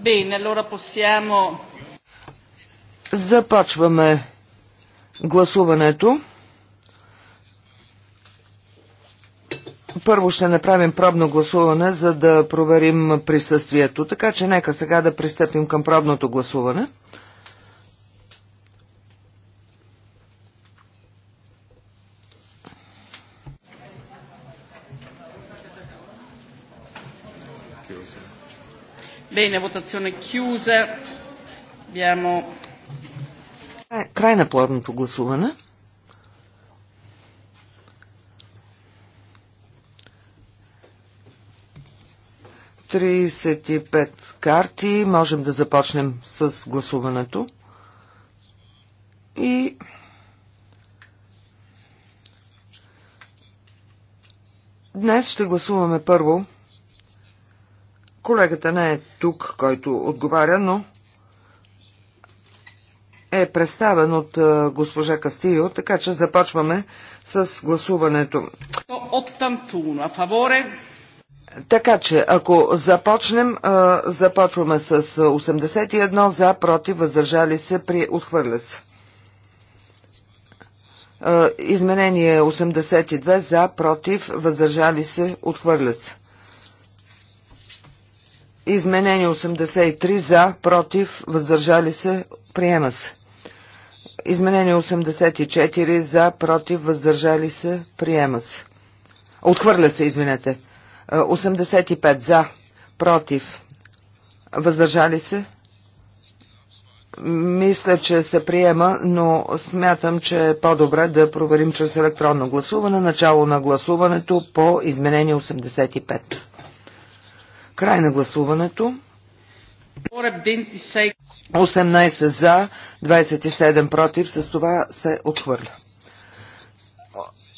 Bene, allora possiamo... Започваме гласуването. Първо ще направим пробно гласуване, за да проверим присъствието. Така че нека сега да пристъпим към пробното гласуване. votazione chiusa. Abbiamo... Край на плодното гласуване. Тридесет и пет карти. Можем да започнем с гласуването. И днес ще гласуваме първо Колегата не е тук, който отговаря, но е представен от госпожа Кастио, така че започваме с гласуването. Така че, ако започнем, започваме с 81 за, против, въздържали се, при отхвърля се. Изменение 82 за, против, въздържали се, отхвърлят. се. Изменение 83 за, против, въздържали се, приема се. Изменение 84 за, против, въздържали се, приема се. Отхвърля се, извинете. 85 е, за, против, въздържали се. Мисля, че се приема, но смятам, че е по-добре да проверим чрез електронно гласуване начало на гласуването по изменение 85. Край на гласуването. 18 за, 27 против, с това се отхвърля.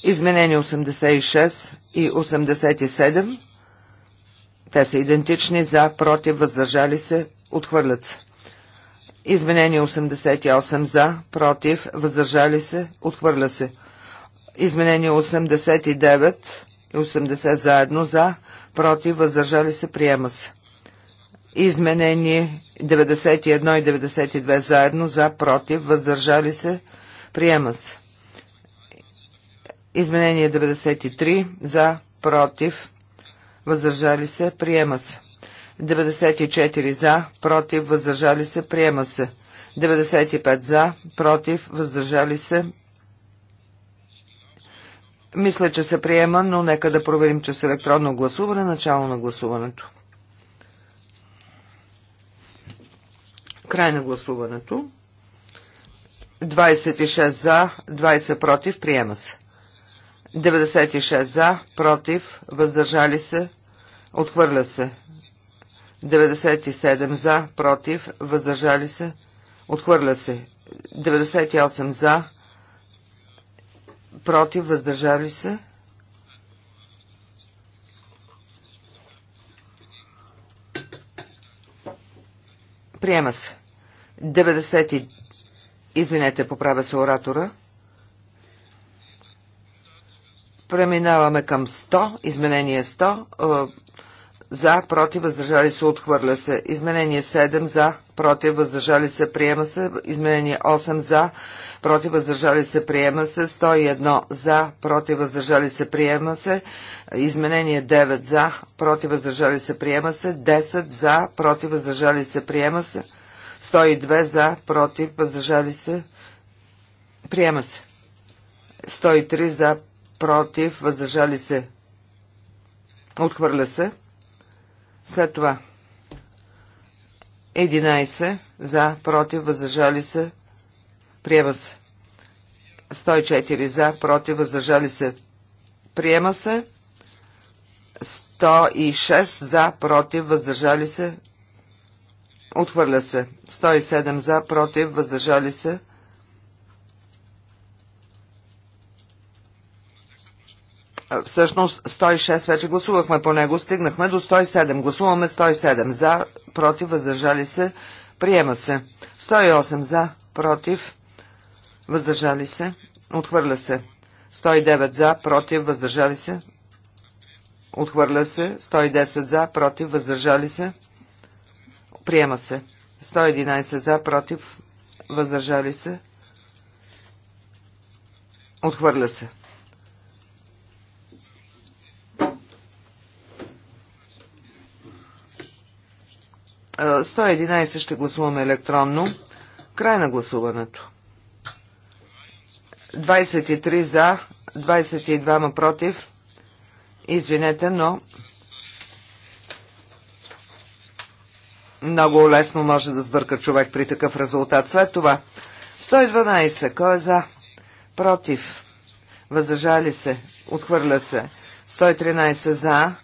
Изменени 86 и 87, те са идентични, за, против, въздържали се, отхвърлят се. Изменени 88 за, против, въздържали се, отхвърля се. Изменение 89 80 заедно за, против, въздържали се, приема се. Изменение 91 и 92 заедно за, против, въздържали се, приема се. Изменение 93 за, против, въздържали се, приема се. 94 за, против, въздържали се, приема се. 95 за, против, въздържали се, мисля, че се приема, но нека да проверим, че с електронно гласуване, начало на гласуването. Край на гласуването. 26 за, 20 против, приема се. 96 за, против, въздържали се, отхвърля се. 97 за, против, въздържали се, отхвърля се. 98 за, против, въздържали се. Приема се. 90. Извинете, поправя се оратора. Преминаваме към 100. Изменение 100. Е, за, против, въздържали се, отхвърля се. Изменение 7. За, против, въздържали се, приема се. Изменение 8. За, против въздържали се приема се, 101 за, против въздържали се приема се, изменение 9 за, против въздържали се приема се, 10 за, против въздържали се приема се, 102 за, против въздържали се приема се, 103 за, против въздържали се отхвърля се, след това 11 за, против въздържали се Приема се. 104 за, против, въздържали се. Приема се. 106 за, против, въздържали се. Отхвърля се. 107 за, против, въздържали се. Всъщност 106 вече гласувахме по него, стигнахме до 107. Гласуваме 107 за, против, въздържали се, приема се. 108 за, против, въздържали се, отхвърля се. 109 за, против, въздържали се, отхвърля се. 110 за, против, въздържали се, приема се. 111 за, против, въздържали се, отхвърля се. Uh, 111 ще гласуваме електронно. Край на гласуването. 23 за, 22 ма против. Извинете, но много лесно може да сбърка човек при такъв резултат. След това 112. Кой е за? Против. Въздържали се. Отхвърля се. 113 за.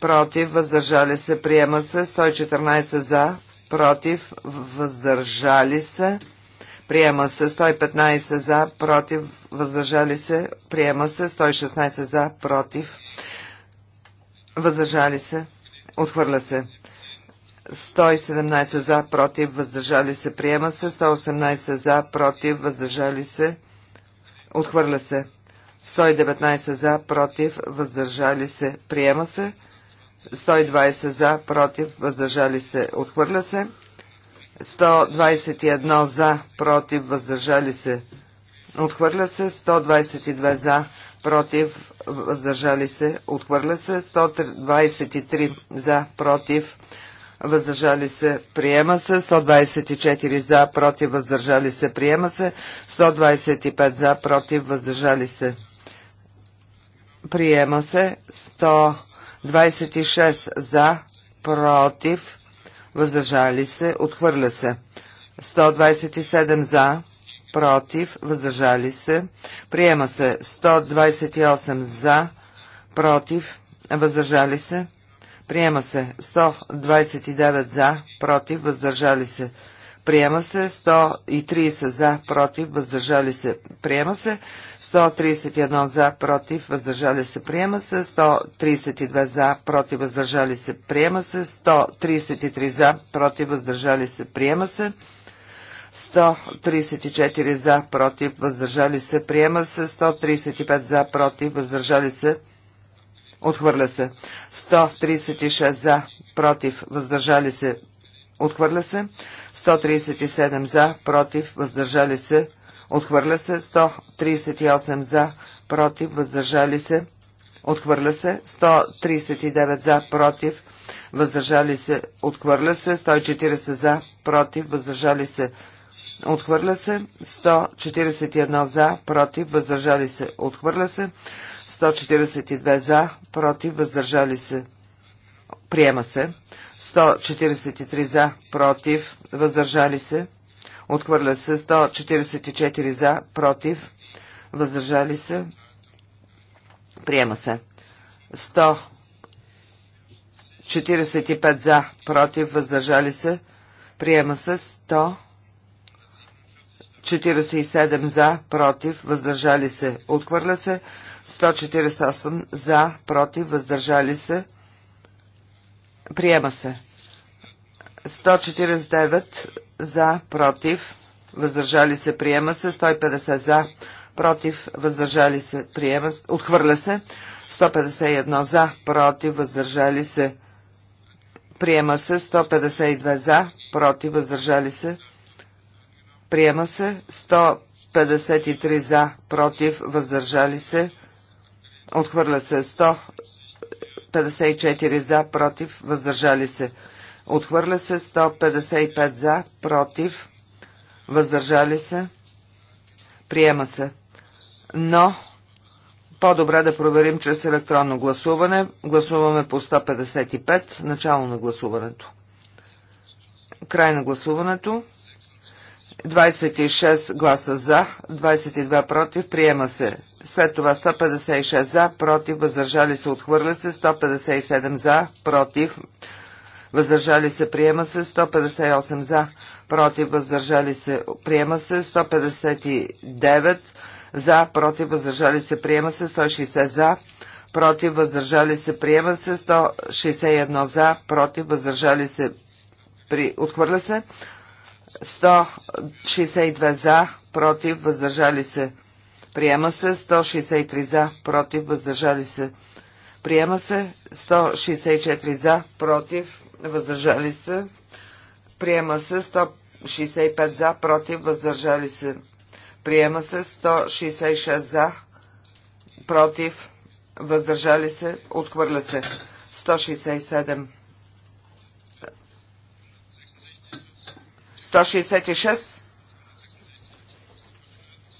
Против. Въздържали се. Приема се. 114 за. Против. Въздържали се. Приема се 115 за, против, въздържали се. Приема се 116 за, против, въздържали се. Отхвърля се. 117 за, против, въздържали се. Приема се 118 за, против, въздържали се. Отхвърля се. 119 за, против, въздържали се. Приема се. 120 за, против, въздържали се. Отхвърля се. 121 за, против, въздържали се. Отхвърля се 122 за, против, въздържали се. Отхвърля се 123 за, против, въздържали се. Приема се 124 за, против, въздържали се. Приема се 125 за, против, въздържали се. Приема се 126 за, против, въздържали се, отхвърля се. 127 за, против, въздържали се, приема се. 128 за, против, въздържали се, приема се. 129 за, против, въздържали се, Приема се 130 за, против, въздържали се. Приема се 131 за, против, въздържали се. Приема се 132 за, против, въздържали се. Приема се 133 за, против, въздържали се. Приема се 134 за, против, въздържали се. Приема се 135 за, против, въздържали се. Отхвърля се. 136 за, против, въздържали се. Отхвърля се. 137 за, против, въздържали се, отхвърля се, 138 за, против, въздържали се, отхвърля се, 139 за, против, въздържали се, отхвърля се, 140 за, против, въздържали се, отхвърля се, 141 за, против, въздържали се, отхвърля се, 142 за, против, въздържали се, приема се, 143 за, против, въздържали се, отхвърля се 144 за, против, въздържали се, приема се 145 за, против, въздържали се, приема се 100 47 за, против, въздържали се, отхвърля се, 148 за, против, въздържали се, приема се. 149 за, против, въздържали се, приема се. 150 за, против, въздържали се, приема се. Отхвърля се. 151 за, против, въздържали се, приема се. 152 за, против, въздържали се, приема се. 153 за, против, въздържали се, отхвърля се. 154 за, против, въздържали се. Отхвърля се 155 за, против, въздържали се, приема се. Но по-добре да проверим чрез електронно гласуване. Гласуваме по 155, начало на гласуването. Край на гласуването. 26 гласа за, 22 против, приема се. След това 156 за, против, въздържали се, отхвърля се, 157 за, против, въздържали се, приема се 158 за, против, въздържали се, приема се 159 за, против, въздържали се, приема се 160 за, против, въздържали се, приема се 161 за, против, въздържали се, при... отхвърля се 162 за, против, въздържали се, приема се 163 за, против, въздържали се, приема се 164 за, против, въздържали се, приема се 165 за, против, въздържали се, приема се 166 за, против, въздържали се, отхвърля се 167. 166.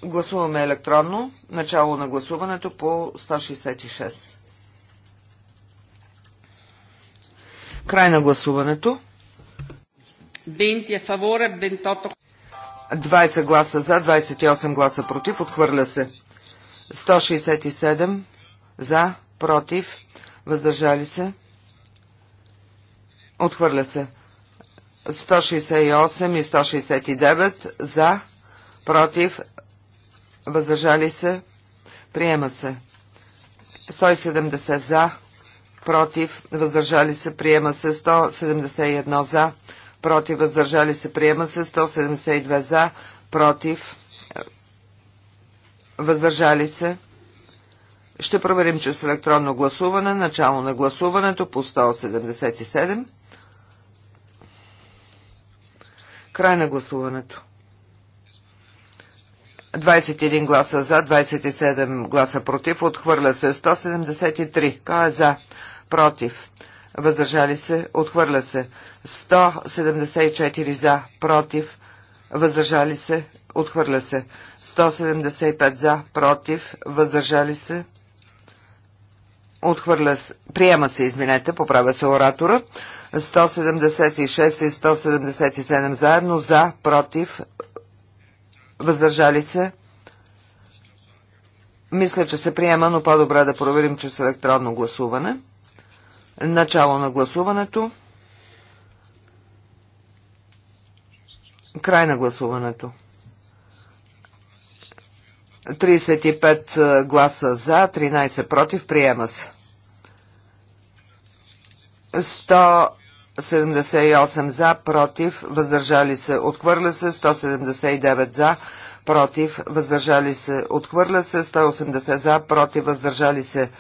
Гласуваме електронно. Начало на гласуването по 166. Край на гласуването. 20 28. 20 гласа за, 28 гласа против. Отхвърля се. 167 за, против, въздържали се. Отхвърля се. 168 и 169 за, против, въздържали се. Приема се. 170 за, против, въздържали се, приема се 171 за, против, въздържали се, приема се 172 за, против, въздържали се. Ще проверим че с електронно гласуване, начало на гласуването по 177. Край на гласуването. 21 гласа за, 27 гласа против, отхвърля се 173. Кой е за? против, въздържали се, отхвърля се. 174 за, против, въздържали се, отхвърля се. 175 за, против, въздържали се, отхвърля се. Приема се, извинете, поправя се оратора. 176 и 177 заедно, за, против, въздържали се. Мисля, че се приема, но по-добре да проверим, че с електронно гласуване. Начало на гласуването. Край на гласуването. 35 е, гласа за, 13 против, приема се. 178 за, против, въздържали се, отхвърля се, 179 за, против, въздържали се, отхвърля се, 180 за, против, въздържали се,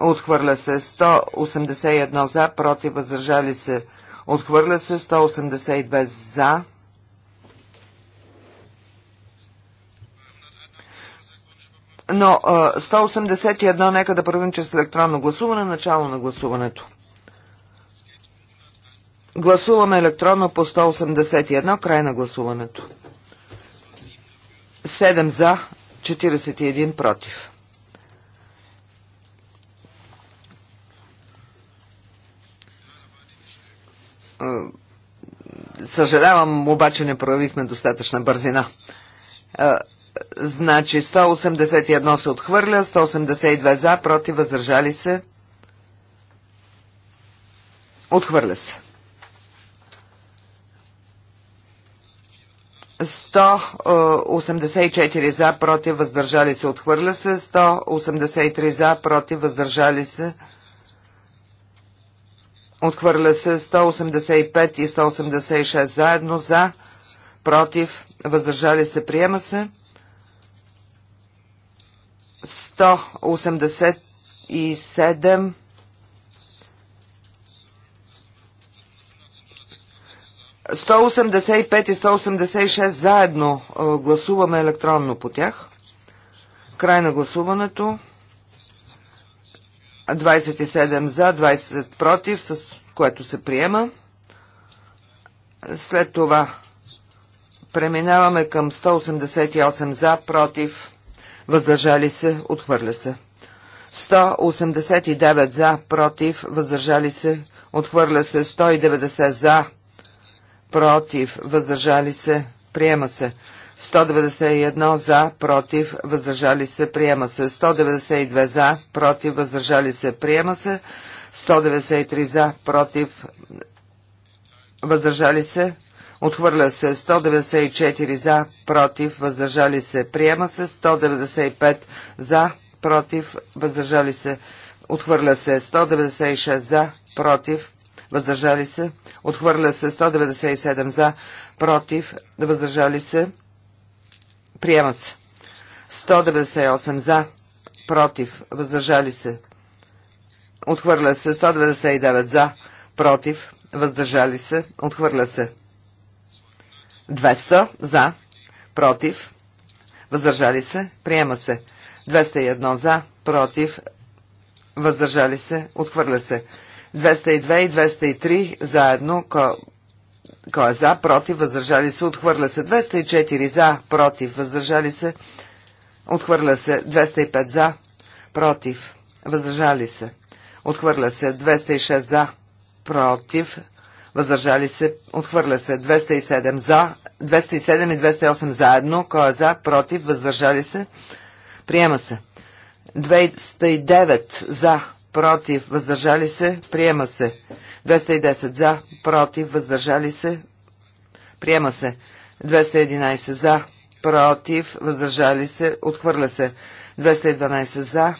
Отхвърля се 181 за, против, въздържали се. Отхвърля се 182 за. Но 181 нека да правим чрез електронно гласуване, начало на гласуването. Гласуваме електронно по 181, край на гласуването. 7 за, 41 против. Е, съжалявам, обаче не проявихме достатъчна бързина. Е, значи 181 се отхвърля, 182 за, против, въздържали се. Отхвърля се. 184 за, против, въздържали се. Отхвърля се. 183 за, против, въздържали се. Отхвърля се 185 и 186 заедно за, против, въздържали се, приема се. 187 185 и 186 заедно гласуваме електронно по тях. Край на гласуването. 27 за, 20 против, с което се приема. След това преминаваме към 188 за, против, въздържали се, отхвърля се. 189 за, против, въздържали се, отхвърля се. 190 за, против, въздържали се, приема се. 191 за, против, въздържали се, приема се. 192 за, против, въздържали се, приема се. 193 за, против, въздържали се, отхвърля се. 194 за, против, въздържали се, приема се. 195 за, против, въздържали се, отхвърля се. 196 за, против, въздържали се, отхвърля се. 197 за, против, въздържали се. Приема се. 198 за, против, въздържали се. Отхвърля се. 199 за, против, въздържали се. Отхвърля се. 200 за, против, въздържали се. Приема се. 201 за, против, въздържали се. Отхвърля се. 202 и 203 заедно кой е за, против, въздържали се, отхвърля се. 204 за, против, въздържали се, отхвърля се. 205 за, против, въздържали се, отхвърля се. 206 за, против, въздържали се, отхвърля се. 207 за, 207 и 208 заедно. Кой е за, против, въздържали се, приема се. 209 за, против, въздържали се, приема се. 210 за, против, въздържали се, приема се. 211 за, против, въздържали се, отхвърля се. 212 за,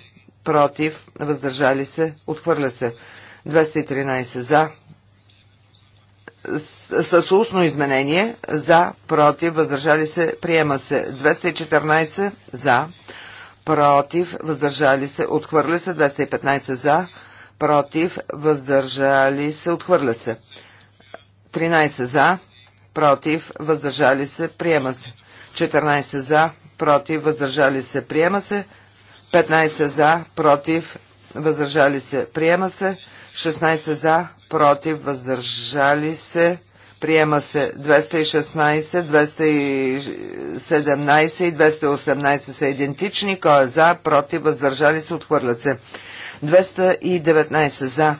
против, въздържали се, отхвърля се. 213 за, с, с устно изменение, за, против, въздържали се, приема се. 214 за, против, въздържали се, отхвърля се, 215 за, против, въздържали се, отхвърля се, 13 за, против, въздържали се, приема се, 14 за, против, въздържали се, приема се, 15 за, против, въздържали се, приема се, 16 за, против, въздържали се, Приема се 216, 217 и 218 са идентични. Кой е за, против, въздържали се, отхвърлят се. 219 за,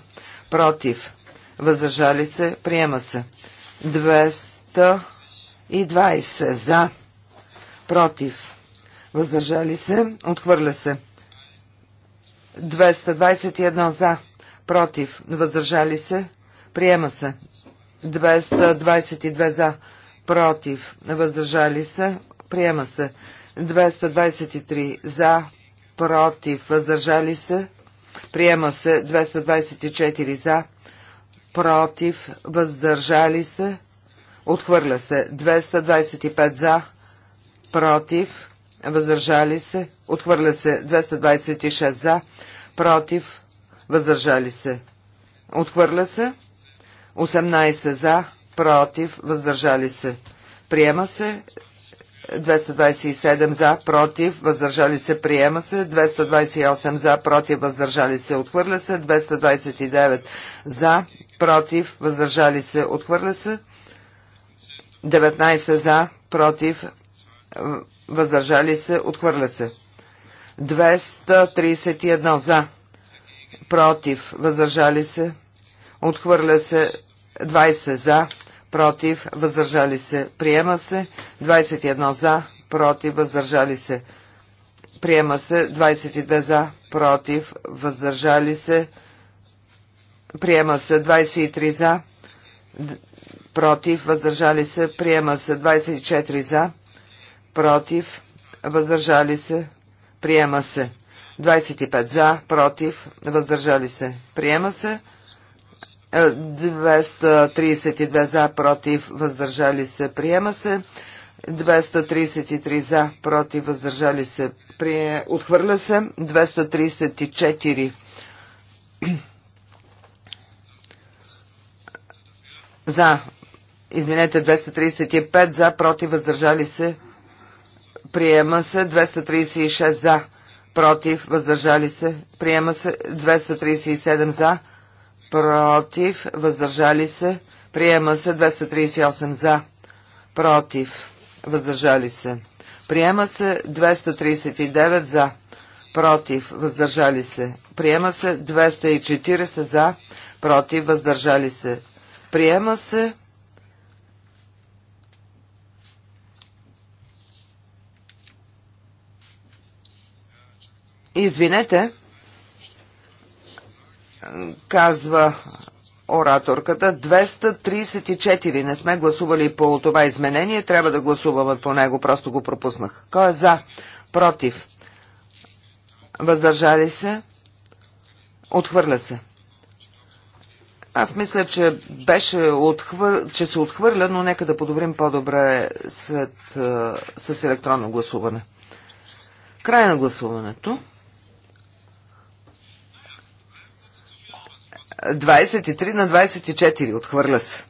против, въздържали се, приема се. 220 за, против, въздържали се, отхвърля се. 221 за, против, въздържали се, приема се. 222 за, против, въздържали се, приема се. 223 за, против, въздържали се, приема се. 224 за, против, въздържали се, отхвърля се. 225 за, против, въздържали се, отхвърля се. 226 за, против, въздържали се, отхвърля се. 18 за, против, въздържали се. Приема се 227 за, против, въздържали се, приема се, 228 за, против, въздържали се, отхвърля се, 229 за, против, въздържали се, отхвърля се, 19 за, против, въздържали се, отхвърля се, 231 за, против, въздържали се, отхвърля се, 20 за, против, въздържали се, приема се. 21 за, против, въздържали се, приема се. 22 за, против, въздържали се, приема се. 23 за, против, въздържали се, приема се. 24 за, против, въздържали се, приема се. 25 за, против, въздържали се, приема се. 232 за, против, въздържали се, приема се. 233 за, против, въздържали се, прие... отхвърля се. 234 за, извинете, 235 за, против, въздържали се, приема се. 236 за, против, въздържали се, приема се. 237 за, против, въздържали се, приема се 238 за, против, въздържали се, приема се 239 за, против, въздържали се, приема се 240 за, против, въздържали се, приема се Извинете, казва ораторката. 234. Не сме гласували по това изменение. Трябва да гласуваме по него. Просто го пропуснах. Кой е за? Против? Въздържали се? Отхвърля се. Аз мисля, че, беше отхвър... че се отхвърля, но нека да подобрим по-добре след... с електронно гласуване. Край на гласуването. 23 на 24. Отхвърля се.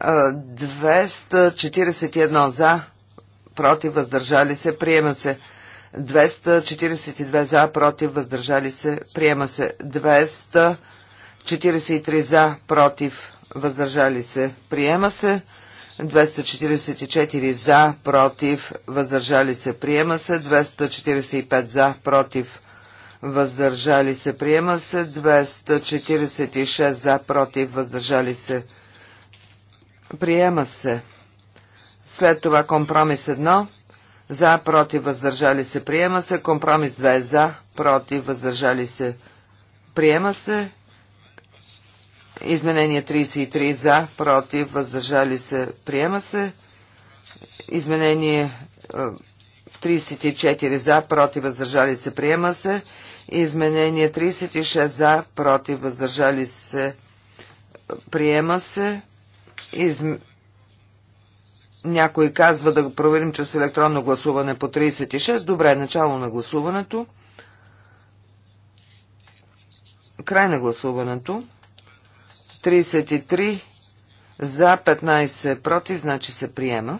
Uh, 241 за, против, въздържали се, приема се. 242 за, против, въздържали се, приема се. 243 за, против, въздържали се, приема се. 244 за, против, въздържали се, приема се, 245 за, против, въздържали се, приема се, 246 за, против, въздържали се, приема се. След това компромис 1, за, против, въздържали се, приема се, компромис 2 за, против, въздържали се, приема се, Изменение 33 за, против, въздържали се, приема се. Изменение 34 за, против, въздържали се, приема се. Изменение 36 за, против, въздържали се, приема се. Из... Някой казва да го проверим чрез електронно гласуване по 36. Добре, начало на гласуването. Край на гласуването. 33 за 15 против, значи се приема.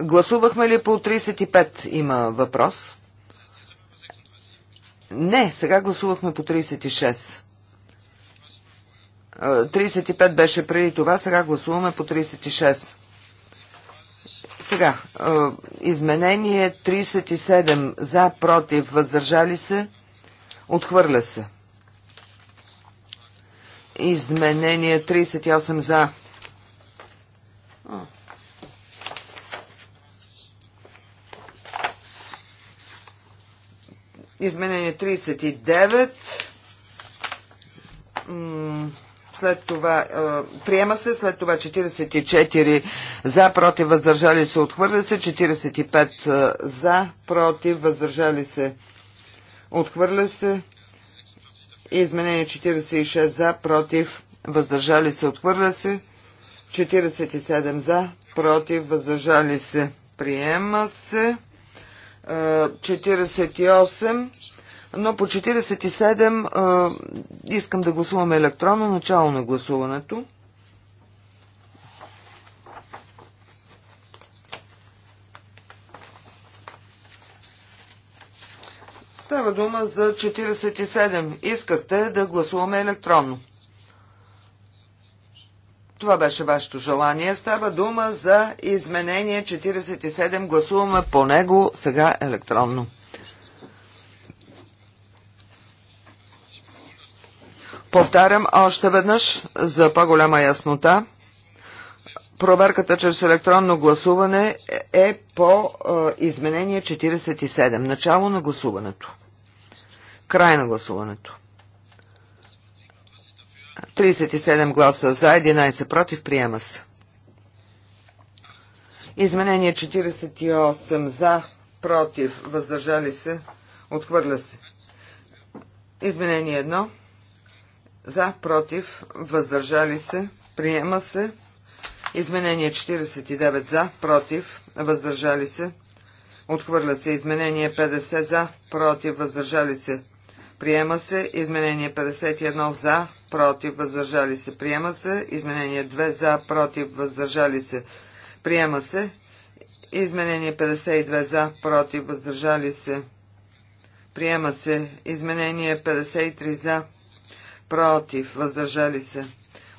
Гласувахме ли по 35? Има въпрос. Не, сега гласувахме по 36. 35 беше преди това, сега гласуваме по 36. Сега, изменение 37 за, против, въздържали се, отхвърля се. Изменение 38 за. Изменение 39. След това е, приема се, след това 44 за, против, въздържали се, отхвърля се, 45 за, против, въздържали се, отхвърля се. Изменение 46 за, против, въздържали се, отхвърля се. 47 за, против, въздържали се, приема се. 48, е, но по 47 е, искам да гласуваме електронно начало на гласуването. Става дума за 47. Искахте да гласуваме електронно. Това беше вашето желание. Става дума за изменение 47. Гласуваме по него сега електронно. Повтарям още веднъж за по-голяма яснота. Проверката чрез електронно гласуване е по е, изменение 47. Начало на гласуването. Край на гласуването. 37 гласа за, 11 против, приема се. Изменение 48 за, против, въздържали се, отхвърля се. Изменение 1 за, против, въздържали се, приема се. Изменение 49 за, против, въздържали се, отхвърля се. Изменение 50 за, против, въздържали се, Приема се. Изменение 51 за, против, въздържали се. Приема се. Изменение 2 за, против, въздържали се. Приема се. Изменение 52 за, против, въздържали се. Приема се. Изменение 53 за, против, въздържали се.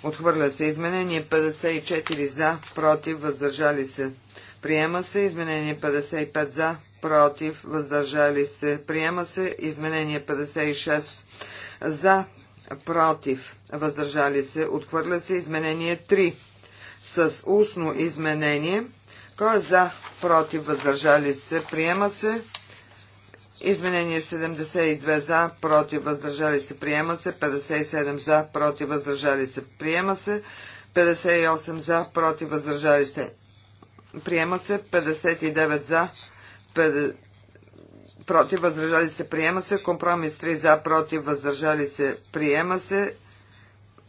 Отхвърля се. Изменение 54 за, против, въздържали се. Приема се. Изменение 55 за, против, въздържали се, приема се. Изменение 56 за, против, въздържали се, отхвърля се. Изменение 3 с устно изменение. Кой е за, против, въздържали се, приема се. Изменение 72 за, против, въздържали се, приема се. 57 за, против, въздържали се, приема се. 58 за, против, въздържали се, приема се. 59 за, против, въздържали се, приема се. Компромис 3 за, против, въздържали се, приема се.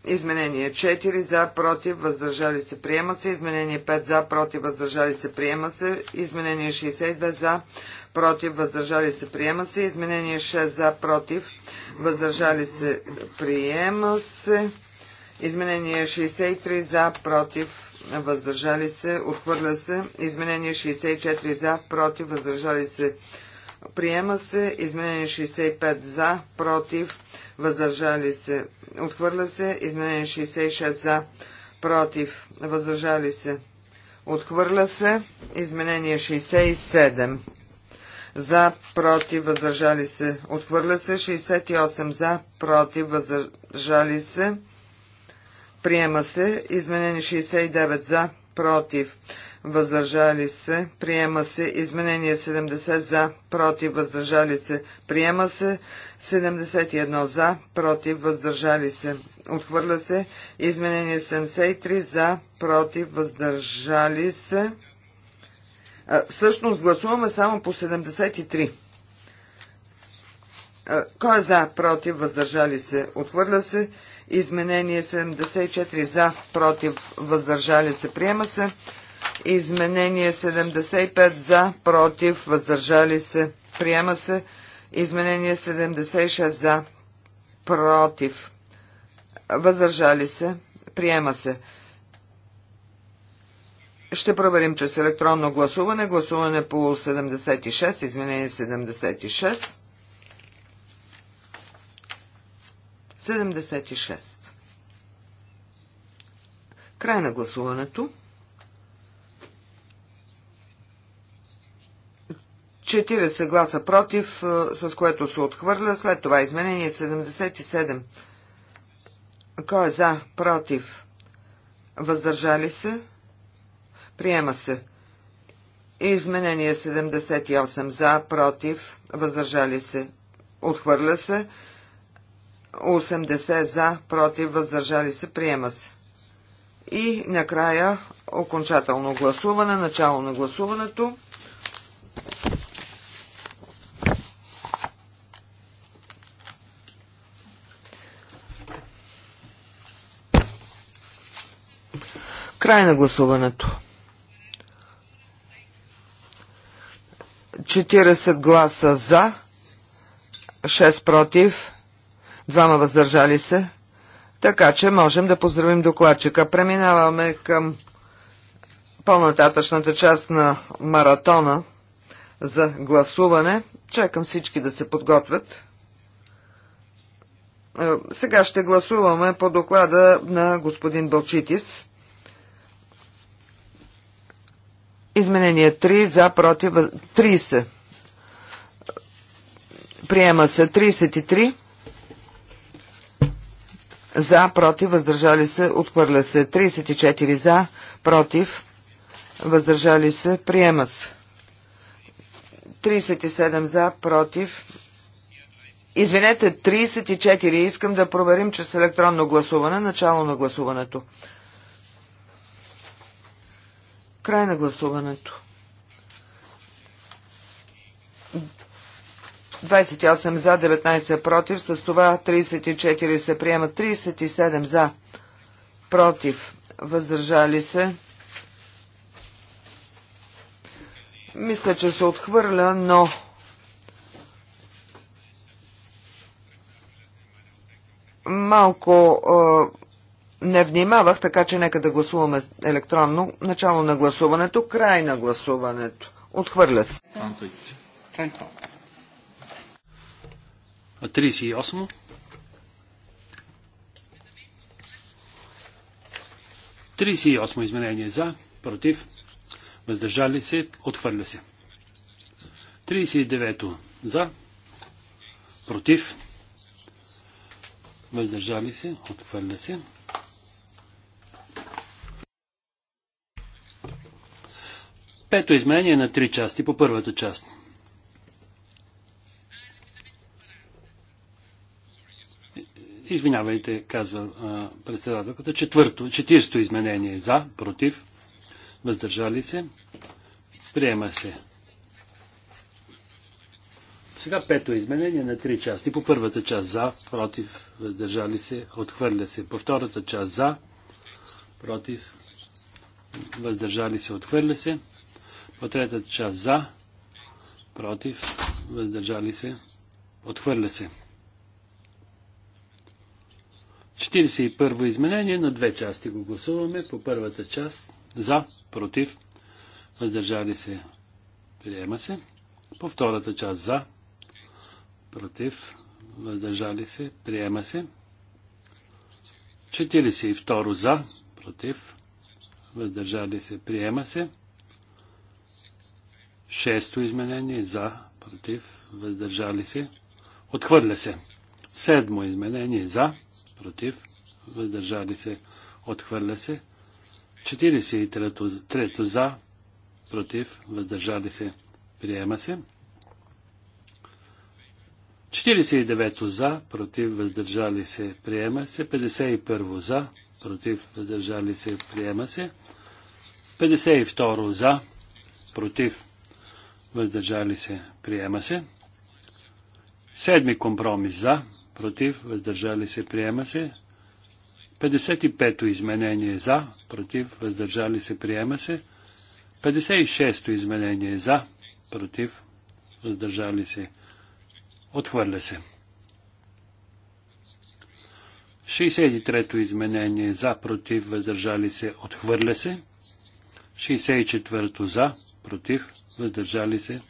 Изменение 4 за, против, въздържали се, приема се. Изменение 5 за, против, въздържали се, приема се. Изменение 62 за, против, въздържали се, приема се. Изменение 6 за, против, въздържали се, приема се. Изменение 63 за, против, въздържали се, отхвърля се. Изменение 64 за, против, въздържали се, приема се. Изменение 65 за, против, въздържали се, отхвърля се. Изменение 66 за, против, въздържали се, отхвърля се. Изменение 67 за, против, въздържали се, отхвърля се. 68 за, против, въздържали се, се. Приема се. Изменение 69 за. Против. Въздържали се. Приема се. Изменение 70 за. Против. Въздържали се. Приема се. 71 за. Против. Въздържали се. Отхвърля се. Изменение 73 за. Против. Въздържали се. А, всъщност гласуваме само по 73. кой е за? Против. Въздържали се. Отхвърля се. Изменение 74 за, против, въздържали се, приема се. Изменение 75 за, против, въздържали се, приема се. Изменение 76 за, против, въздържали се, приема се. Ще проверим чрез електронно гласуване. Гласуване по 76, изменение 76. 76. Край на гласуването. 40 гласа против, е, с което се отхвърля. След това изменение 77. Кой е за, против, въздържали се? Приема се. Изменение 78 за, против, въздържали се. Отхвърля се. 80 за, против, въздържали се, приема се. И накрая окончателно гласуване, начало на гласуването. Край на гласуването. 40 гласа за, 6 против, двама въздържали се. Така че можем да поздравим докладчика. Преминаваме към по-нататъчната част на маратона за гласуване. Чакам всички да се подготвят. Е, сега ще гласуваме по доклада на господин Бълчитис. Изменение 3 за против 30. Е, Приема се 33 за, против, въздържали се, отхвърля се. 34 за, против, въздържали се, приема се. 37 за, против. Извинете, 34. Искам да проверим, че с електронно гласуване, начало на гласуването. Край на гласуването. 28 за, 19 против, с това 34 се приемат, 37 за, против, въздържали се. Мисля, че се отхвърля, но малко е, не внимавах, така че нека да гласуваме електронно. Начало на гласуването, край на гласуването. Отхвърля се. 38. Тридесет изменение за, против, въздържали се, отхвърля се. 39 за, против, въздържали се, отхвърля се. Пето изменение на три части по първата част. Извинявайте, казва председателката. Четвърто, четирсто изменение е за, против, въздържали се, приема се. Сега пето изменение на три части. По първата част за, против, въздържали се, отхвърля се. По втората част за, против, въздържали се, отхвърля се. По третата част за, против, въздържали се, отхвърля се. 41 изменение на две части го гласуваме. По първата част за, против, въздържали се, приема се. По втората част за, против, въздържали се, приема се. 42 за, против, въздържали се, приема се. Шесто изменение за, против, въздържали се, отхвърля се. Седмо изменение за, против, въздържали се, отхвърля се. 43 за, против, въздържали се, приема се. 49 за, против, въздържали се, приема се. 51 за, против, въздържали се, приема се. 52 за, против, въздържали се, приема се. Седми компромис за, против, въздържали се, приема се. 55-то изменение за, против, въздържали се, приема се. 56-то изменение за, против, въздържали се, отхвърля се. 63-то изменение за, против, въздържали се, отхвърля се. 64-то за, против, въздържали се,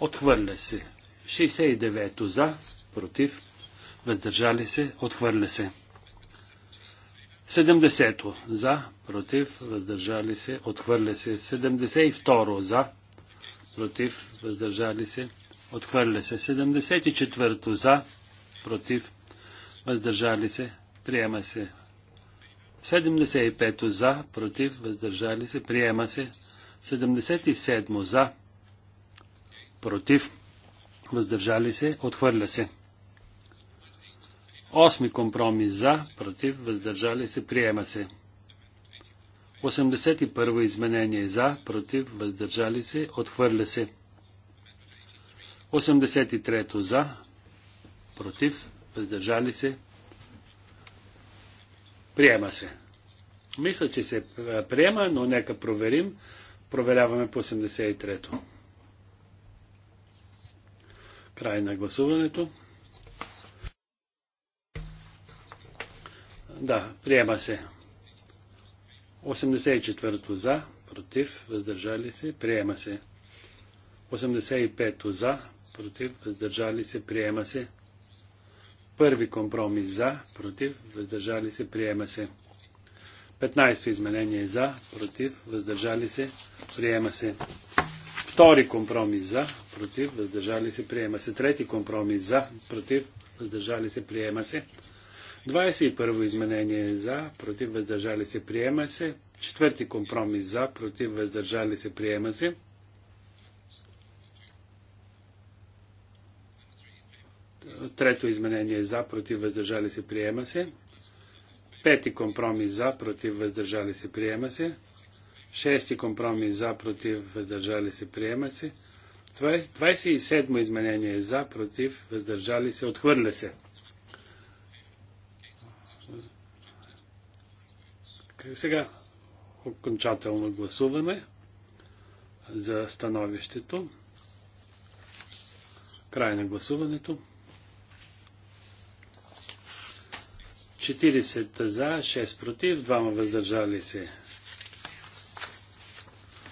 отхвърля се. 69-то за, против, въздържали се, отхвърля се. 70 за, против, въздържали се, отхвърля се. 72 за, против, въздържали се, отхвърля се. 74 за, против, въздържали се, приема се. 75 за, против, въздържали се, приема се. 77 за, против, въздържали се, отхвърля се. Осми компромис за, против, въздържали се, приема се. 81 во изменение за, против, въздържали се, отхвърля се. 83 за, против, въздържали се, приема се. Мисля, че се приема, но нека проверим. Проверяваме по 83-то. Край на гласуването. Да, приема се. 84-то за, против, въздържали се, приема се. 85-то за, против, въздържали се, приема се. Първи компромис за, против, въздържали се, приема се. 15-то изменение за, против, въздържали се, приема се. Втори компромис за, против, въздържали се, приема се. Трети компромис за, против, въздържали се, приема се. 21 изменение е за, против въздържали се, приема се. Четвърти компромис за, против въздържали се, приема се. Трето изменение е за, против въздържали се, приема се. Пети компромис за, против въздържали се, приема се. Шести компромис за, против въздържали се, приема се. 27 изменение е за, против въздържали се, отхвърля се. Сега окончателно гласуваме за становището. Край на гласуването. 40 за, 6 против, 2 въздържали се.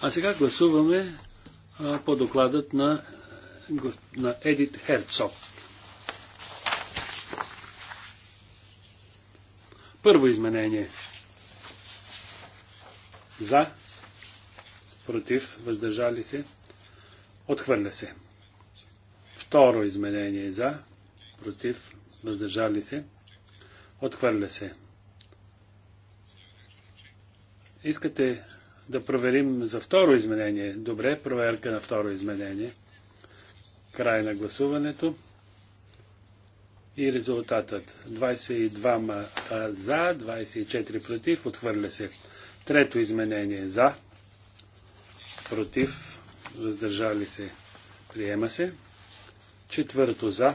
А сега гласуваме а, по докладът на, на Едит Херцог. Първо изменение – за, против, въздържали се, отхвърля се. Второ изменение за, против, въздържали се, отхвърля се. Искате да проверим за второ изменение. Добре, проверка на второ изменение. Край на гласуването. И резултатът. 22 за, 24 против, отхвърля се. Трето изменение за, против, въздържали се, приема се. Четвърто за,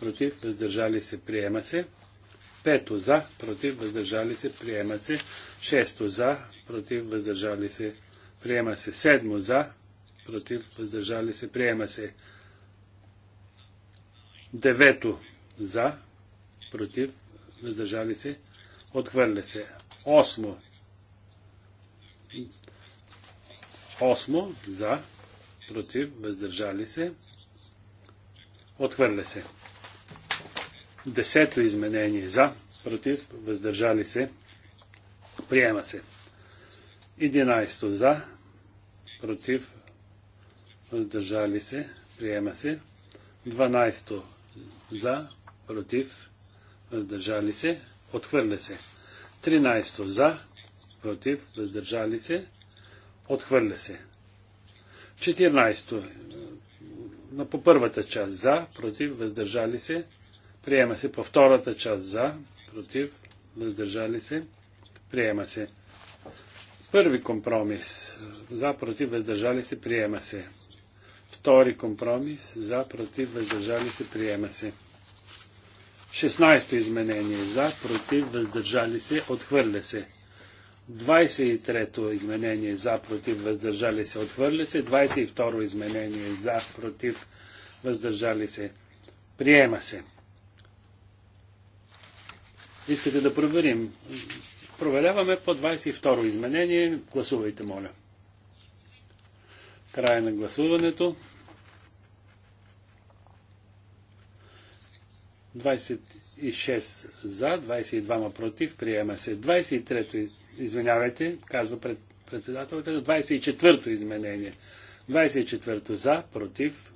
против, въздържали се, приема се. Пето за, против, въздържали се, приема се. Шесто за, против, въздържали се, приема се. Седмо за, против, въздържали се, приема се. Девето за, против, въздържали се, отхвърля се. Осмо Осмо за, против, въздържали се, отхвърля се. Десето изменение за, против, въздържали се, приема се. Единайсто за, против, въздържали се, приема се. Дванайсто за, против, въздържали се, отхвърля се. Тринайсто за, против, въздържали се, отхвърля се. 14. Е. Но по първата част за, против, въздържали се, приема се. По втората част за, против, въздържали се, приема се. Първи компромис. Е, за, против, въздържали се, приема се. Втори компромис. За, против, въздържали се, приема се. 16 изменение. За, против, въздържали се, отхвърля се. 23-то изменение за, против, въздържали се, отхвърля се. 22 то изменение за, против, въздържали се, приема се. Искате да проверим? Проверяваме по 22 то изменение. Гласувайте, моля. Края на гласуването. 26 за, 22 против, приема се. 23-то извинявайте, казва пред, председателката, 24-то изменение. 24-то за, против,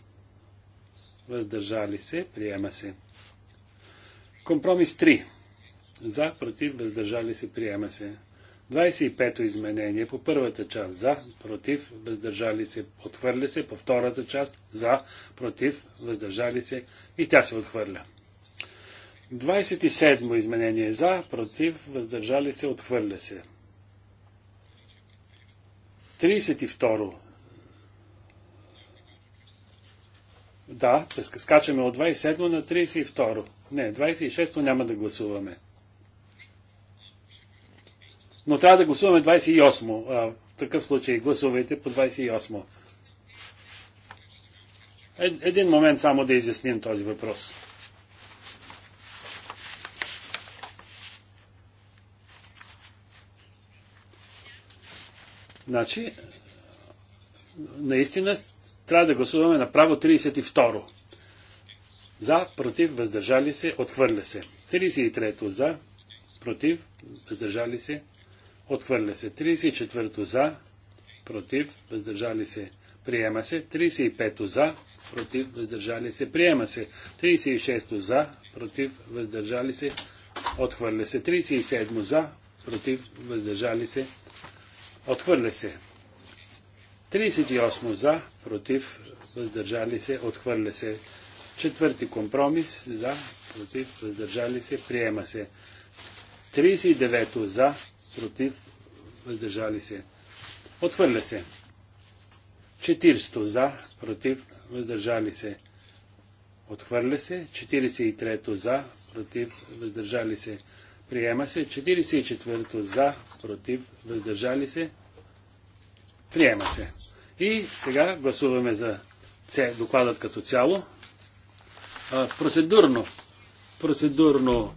въздържали се, приема се. Компромис 3. За, против, въздържали се, приема се. 25-то изменение по първата част за, против, въздържали се, отхвърля се, по втората част за, против, въздържали се и тя се отхвърля. 27-мо изменение за, против, въздържали се, отхвърля се. 32. Да, скачаме от 27 на 32. Не, 26 няма да гласуваме. Но трябва да гласуваме 28. А, в такъв случай гласувайте по 28. Е, един момент само да изясним този въпрос. Значи, наистина трябва да гласуваме направо 32. За, против, въздържали се, отхвърля се. 33 за, против, въздържали се, отхвърля се. 34 за, против, въздържали се, приема се. 35 за, против, въздържали се, приема се. 36 за, против, въздържали се, отхвърля се. 37 за, против, въздържали се, Отхвърля се. 38 за, против, въздържали се, отхвърля се. Четвърти компромис за, против, въздържали се, приема се. 39 за, против, въздържали се. Отхвърля се. 40 за, против, въздържали се. Отхвърля се. 43 за, против, въздържали се. Приема се 44-то за, против, въздържали се. Приема се. И сега гласуваме за докладът като цяло. процедурно. Процедурно.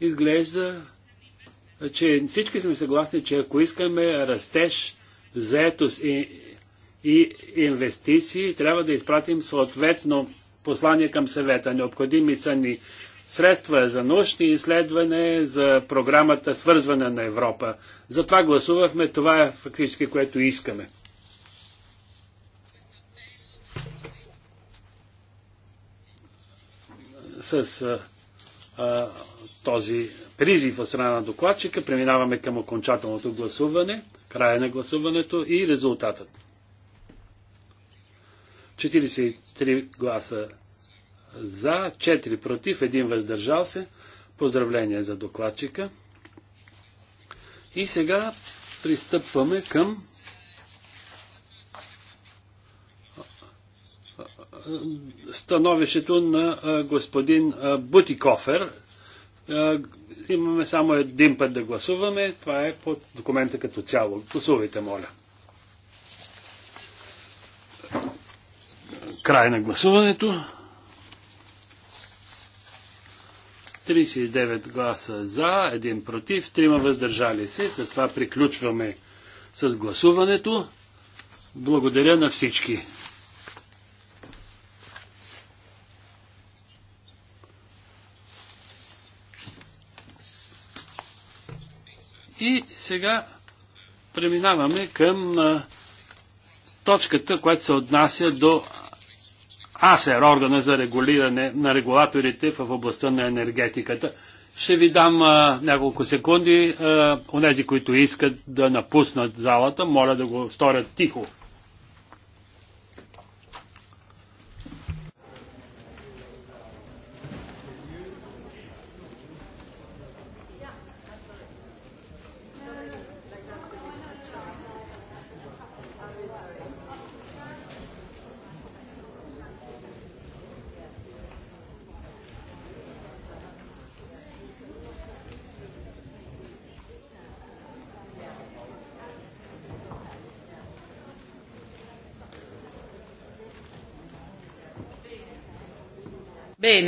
Изглежда, че всички сме съгласни, че ако искаме растеж, заетост и, и инвестиции, трябва да изпратим съответно послание към съвета. Необходими са ни средства за научни изследване, за програмата свързване на Европа. За това гласувахме, това е фактически което искаме. С а, този призив от страна на докладчика преминаваме към окончателното гласуване, края на гласуването и резултатът. 43 гласа за, 4 против, 1 въздържал се. Поздравление за докладчика. И сега пристъпваме към становището на господин Бутикофер. Имаме само един път да гласуваме. Това е под документа като цяло. Гласувайте, моля. Край на гласуването. 39 гласа за, един против, трима въздържали се. С това приключваме с гласуването. Благодаря на всички. И сега преминаваме към точката, която се отнася до АСЕР, органа за регулиране на регулаторите в областта на енергетиката. Ще ви дам а, няколко секунди. Онези, които искат да напуснат залата, моля да го сторят тихо.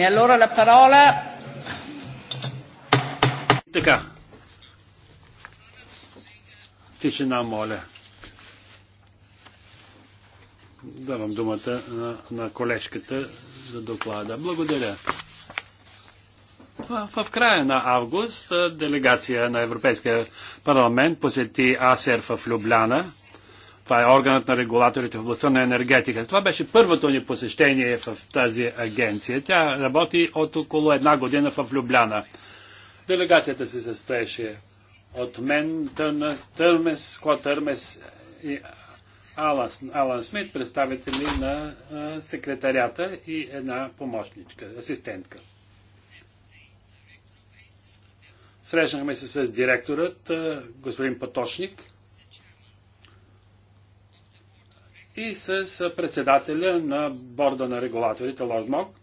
Bene, allora la parola. Така. Тишина, моля. Давам думата на, на колежката за доклада. Благодаря. В, в края на август делегация на Европейския парламент посети АСЕР в Любляна това е органът на регулаторите в областта на енергетиката. Това беше първото ни посещение в тази агенция. Тя работи от около една година в Любляна. Делегацията се състоеше от мен, Търмес, Кло Търмес и Алан, Алан Смит, представители на секретарята и една помощничка, асистентка. Срещнахме се с директорът, господин Поточник, и с председателя на борда на регулаторите Лорд Мок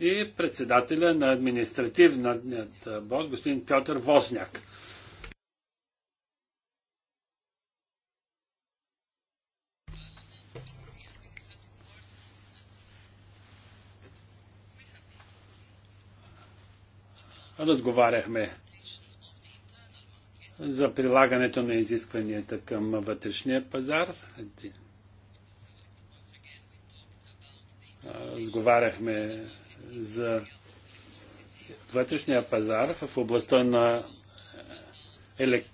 и председателя на административният борд господин Пьотър Возняк. разговаряхме за прилагането на изискванията към вътрешния пазар. Разговаряхме за вътрешния пазар в областта на елек...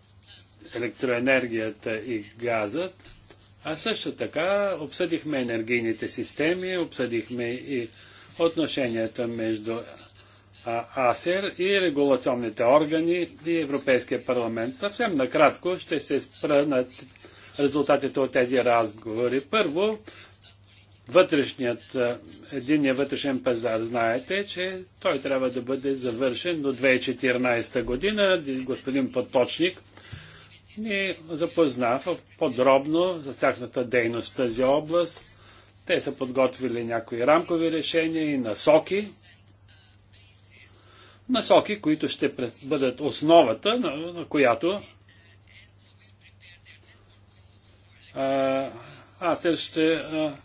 електроенергията и газът, а също така обсъдихме енергийните системи, обсъдихме и отношенията между АСЕР и регулационните органи и Европейския парламент. Съвсем накратко ще се спра на резултатите от тези разговори. Първо, вътрешният, единния вътрешен пазар, знаете, че той трябва да бъде завършен до 2014 година. Господин Поточник ни запозна подробно за тяхната дейност в тази област. Те са подготвили някои рамкови решения и насоки насоки, които ще бъдат основата, на, на която а, АСЕР ще а,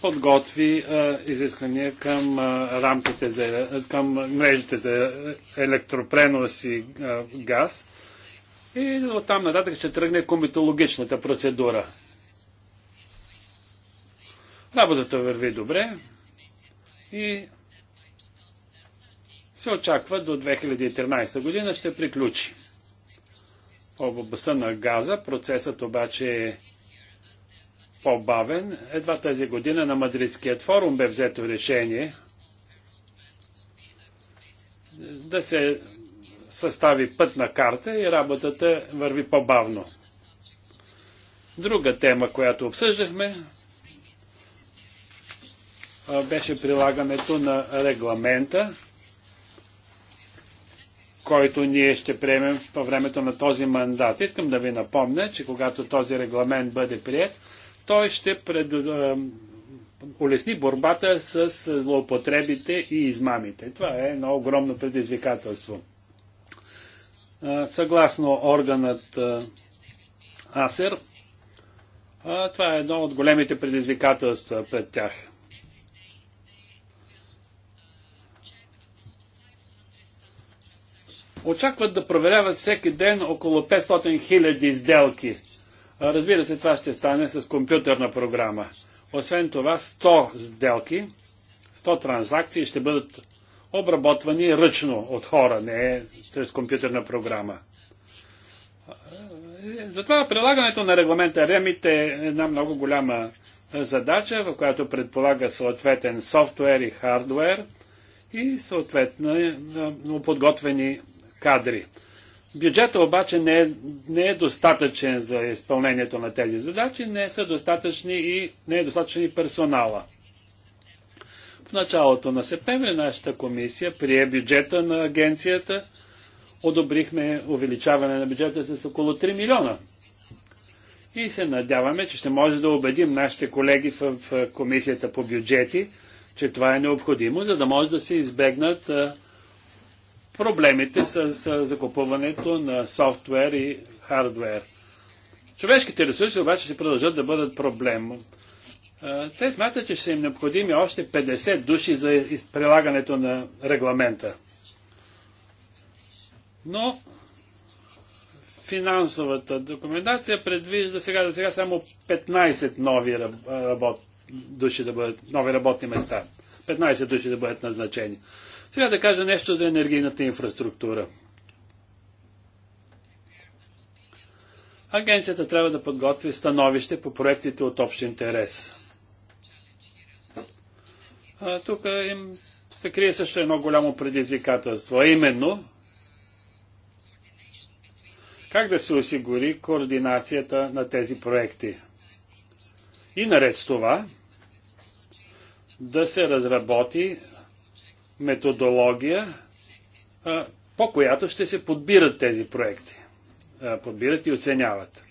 подготви а, изисквания към а, рамките за, към мрежите за електропренос и а, газ. И оттам нататък ще тръгне комитологичната процедура. Работата върви добре и се очаква до 2013 година ще приключи. В областта на газа процесът обаче е по-бавен. Едва тази година на Мадридският форум бе взето решение да се състави пътна карта и работата върви по-бавно. Друга тема, която обсъждахме, беше прилагането на регламента който ние ще приемем по времето на този мандат. Искам да ви напомня, че когато този регламент бъде прият, той ще пред, е, улесни борбата с злоупотребите и измамите. Това е едно огромно предизвикателство. Съгласно органът АСЕР, това е едно от големите предизвикателства пред тях. очакват да проверяват всеки ден около 500 000 сделки. Разбира се, това ще стане с компютърна програма. Освен това, 100 сделки, 100 транзакции ще бъдат обработвани ръчно от хора, не чрез компютърна програма. Затова прилагането на регламента REMIT е една много голяма задача, в която предполага съответен софтуер и хардуер и съответно е, е, подготвени кадри. Бюджета обаче не е, не е достатъчен за изпълнението на тези задачи, не са достатъчни и не е достатъчен и персонала. В началото на септември нашата комисия прие бюджета на агенцията. Одобрихме увеличаване на бюджета с около 3 милиона. И се надяваме, че ще може да убедим нашите колеги в комисията по бюджети, че това е необходимо, за да може да се избегнат проблемите с, закупуването на софтуер и хардуер. Човешките ресурси обаче ще продължат да бъдат проблем. Те смятат, че ще са им необходими още 50 души за прилагането на регламента. Но финансовата документация предвижда сега за сега само 15 нови работ, души да бъдат, нови работни места. 15 души да бъдат назначени. Сега да кажа нещо за енергийната инфраструктура. Агенцията трябва да подготви становище по проектите от общ интерес. А, тук им се крие също едно голямо предизвикателство, а именно как да се осигури координацията на тези проекти. И наред с това да се разработи методология, по която ще се подбират тези проекти. Подбират и оценяват.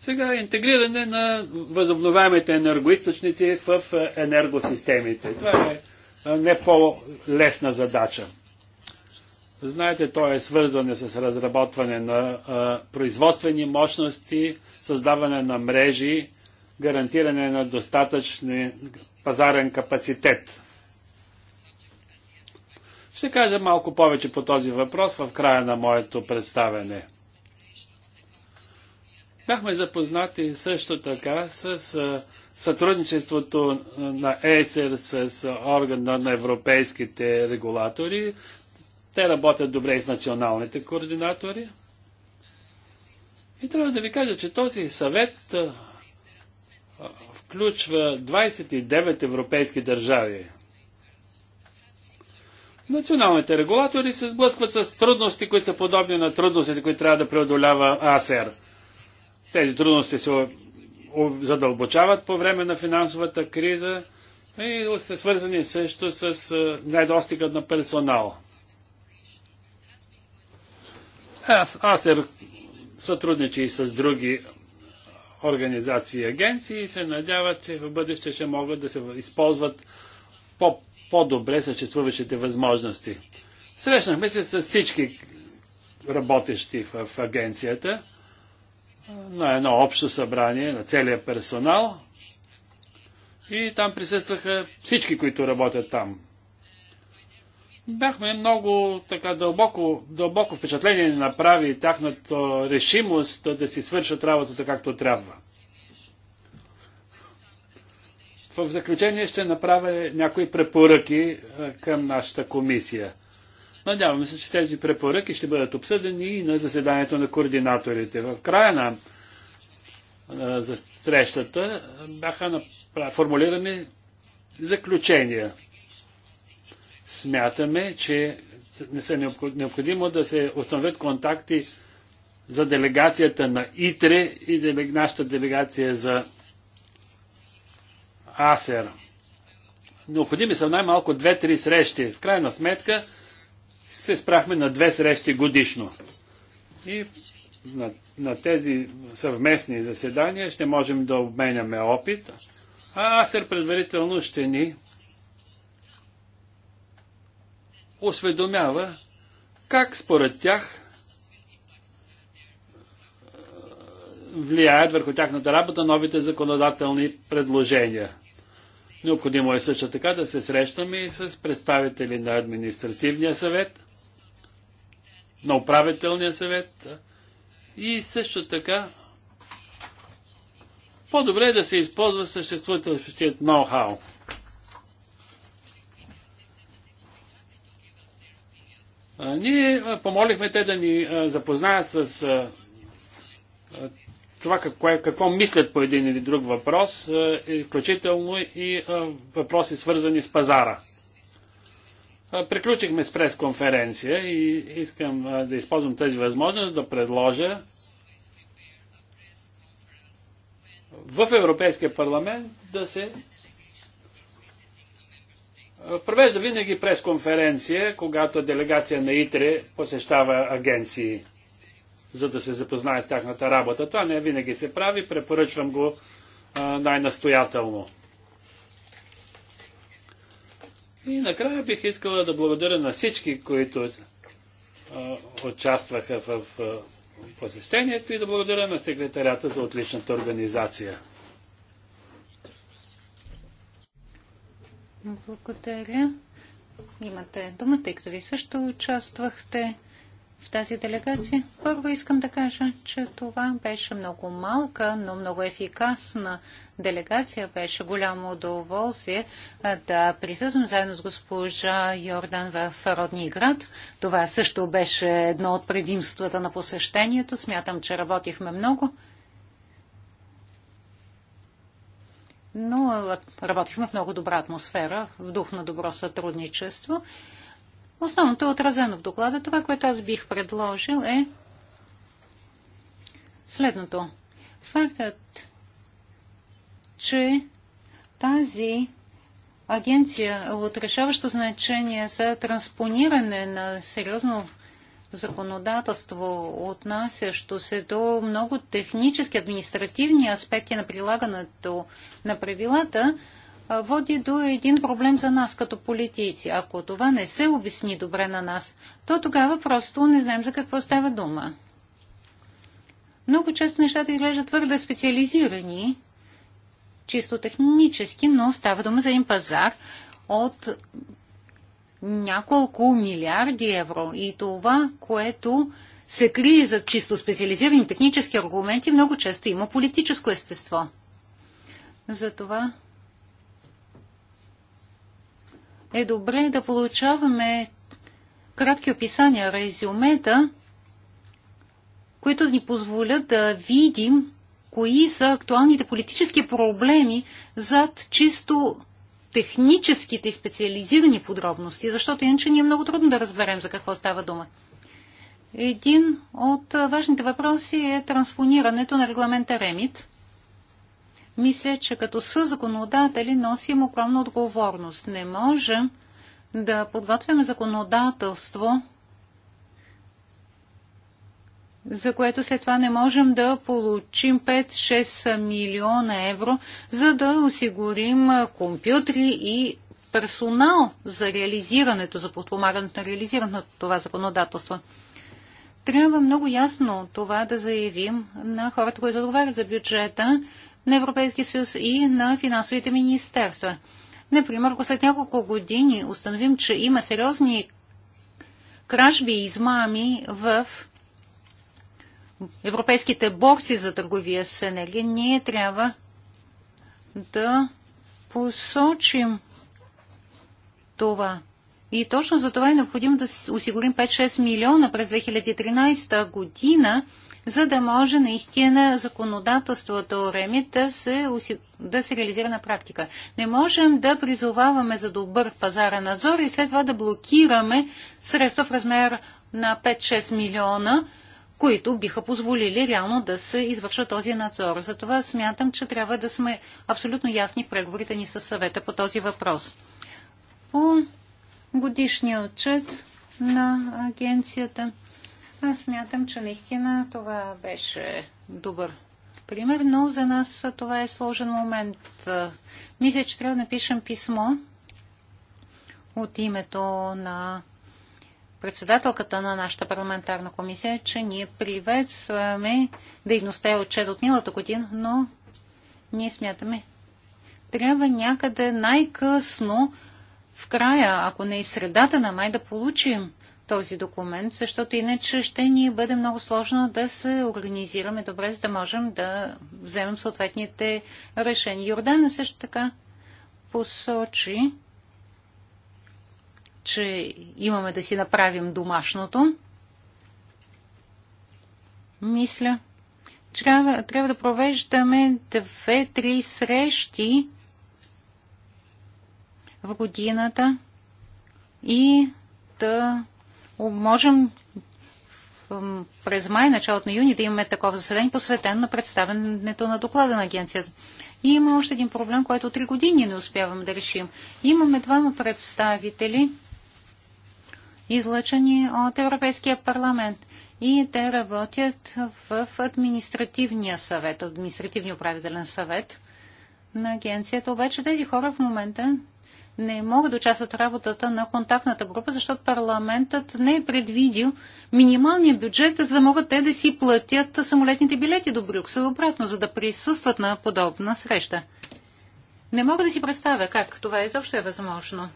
Сега интегриране на възобновяемите енергоисточници в енергосистемите. Това е не по-лесна задача. Знаете, то е свързване с разработване на а, производствени мощности, създаване на мрежи, гарантиране на достатъчен пазарен капацитет. Ще кажа малко повече по този въпрос в края на моето представяне. Бяхме запознати също така с сътрудничеството на ЕСЕР с органа на европейските регулатори. Те работят добре и с националните координатори. И трябва да ви кажа, че този съвет включва 29 европейски държави. Националните регулатори се сблъскват с трудности, които са подобни на трудностите, които трябва да преодолява АСР. Тези трудности се задълбочават по време на финансовата криза и са свързани също с недостига на персонал. АСЕР сътрудничи и с други организации и агенции и се надяват, че в бъдеще ще могат да се използват по по-добре съществуващите възможности. Срещнахме се с всички работещи в, агенцията на едно общо събрание на целия персонал и там присъстваха всички, които работят там. Бяхме много така дълбоко, дълбоко впечатление направи тяхната решимост да си свършат работата както трябва. В заключение ще направя някои препоръки е, към нашата комисия. Надявам се, че тези препоръки ще бъдат обсъдени и на заседанието на координаторите. В края на е, за срещата е, бяха формулирани заключения. Смятаме, че не са необходимо да се установят контакти за делегацията на ИТРЕ и нашата делегация за АСЕР. Необходими са най-малко две-три срещи. В крайна сметка се спрахме на две срещи годишно. И на, на тези съвместни заседания ще можем да обменяме опит, а АСЕР предварително ще ни осведомява как според тях влияят върху тяхната работа новите законодателни предложения. Необходимо е също така да се срещаме и с представители на административния съвет, на управителния съвет и също така по-добре е да се използва съществуващият ноу-хау. Ние помолихме те да ни запознаят с това какво, какво мислят по един или друг въпрос, изключително е, е и е, въпроси свързани с пазара. Приключихме с пресконференция и искам да използвам тази възможност да предложа в Европейския парламент да се провежда винаги пресконференция, когато делегация на ИТРЕ посещава агенции за да се запознае с тяхната работа. Това не винаги се прави, препоръчвам го най-настоятелно. И накрая бих искала да благодаря на всички, които а, участваха в, посещението и да благодаря на секретарята за отличната организация. Благодаря. Имате думата, тъй като ви също участвахте в тази делегация. Първо искам да кажа, че това беше много малка, но много ефикасна делегация. Беше голямо удоволствие да присъствам заедно с госпожа Йордан в родния град. Това също беше едно от предимствата на посещението. Смятам, че работихме много. Но работихме в много добра атмосфера, в дух на добро сътрудничество. Основното е отразено в доклада. Това, което аз бих предложил е следното. Фактът, че тази агенция е от решаващо значение за транспониране на сериозно законодателство, отнасящо се до много технически административни аспекти на прилагането на правилата, води до един проблем за нас като политици. Ако това не се обясни добре на нас, то тогава просто не знаем за какво става дума. Много често нещата изглеждат твърде специализирани, чисто технически, но става дума за един пазар от няколко милиарди евро. И това, което се крие за чисто специализирани технически аргументи, много често има политическо естество. Затова е добре да получаваме кратки описания, резюмета, които да ни позволят да видим кои са актуалните политически проблеми зад чисто техническите и специализирани подробности, защото иначе ни е много трудно да разберем за какво става дума. Един от важните въпроси е транспонирането на регламента Ремит. Мисля, че като съзаконодатели носим огромна отговорност. Не можем да подготвяме законодателство, за което след това не можем да получим 5-6 милиона евро, за да осигурим компютри и персонал за реализирането, за подпомагането на реализирането на това законодателство. Трябва много ясно това да заявим на хората, които отговарят за бюджета, на Европейския съюз и на финансовите министерства. Например, ако след няколко години установим, че има сериозни кражби и измами в европейските борси за търговия с енергия, ние трябва да посочим това. И точно за това е необходимо да осигурим 5-6 милиона през 2013 година за да може наистина законодателството ремит да се, да се реализира на практика. Не можем да призоваваме за добър пазарен надзор и след това да блокираме средства в размер на 5-6 милиона, които биха позволили реално да се извършва този надзор. Затова смятам, че трябва да сме абсолютно ясни в преговорите ни с съвета по този въпрос. По годишния отчет на агенцията. Аз смятам, че наистина това беше добър пример, но за нас това е сложен момент. Мисля, че трябва да напишем писмо от името на председателката на нашата парламентарна комисия, че ние приветстваме дейността и отчет от миналата година, но ние смятаме, трябва някъде най-късно в края, ако не и в средата на май, да получим този документ, защото иначе ще ни бъде много сложно да се организираме добре, за да можем да вземем съответните решения. Йордана също така посочи, че имаме да си направим домашното. Мисля, трябва, трябва да провеждаме две-три срещи в годината и да можем през май, началото на юни да имаме такова заседание, посветено на представенето на доклада на агенцията. И има още един проблем, който три години не успяваме да решим. Имаме двама представители, излъчени от Европейския парламент. И те работят в административния съвет, административния управителен съвет на агенцията. Обаче тези хора в момента не могат да участват в работата на контактната група, защото парламентът не е предвидил минималния бюджет, за да могат те да си платят самолетните билети до Брюксел обратно, за да присъстват на подобна среща. Не мога да си представя как това изобщо е възможно.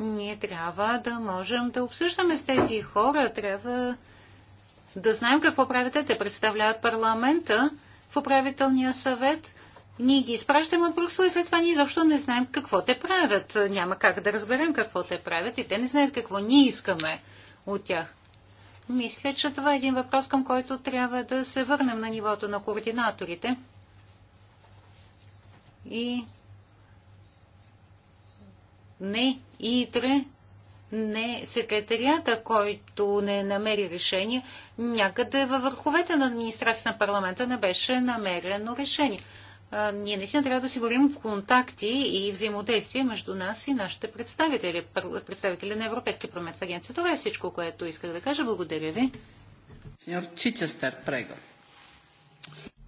Ние трябва да можем да обсъждаме с тези хора, трябва да знаем какво правят те. Те представляват парламента в управителния съвет – ние ги изпращаме от Брюксел и след това ние защо не знаем какво те правят. Няма как да разберем какво те правят и те не знаят какво ние искаме от тях. Мисля, че това е един въпрос, към който трябва да се върнем на нивото на координаторите. И не ИТРЕ, не секретарията, който не намери решение, някъде във върховете на администрация на парламента не беше намерено решение ние наистина трябва да осигурим контакти и взаимодействие между нас и нашите представители, представители на Европейския промет в агенция. Това е всичко, което исках да кажа. Благодаря ви. Чичестер прего.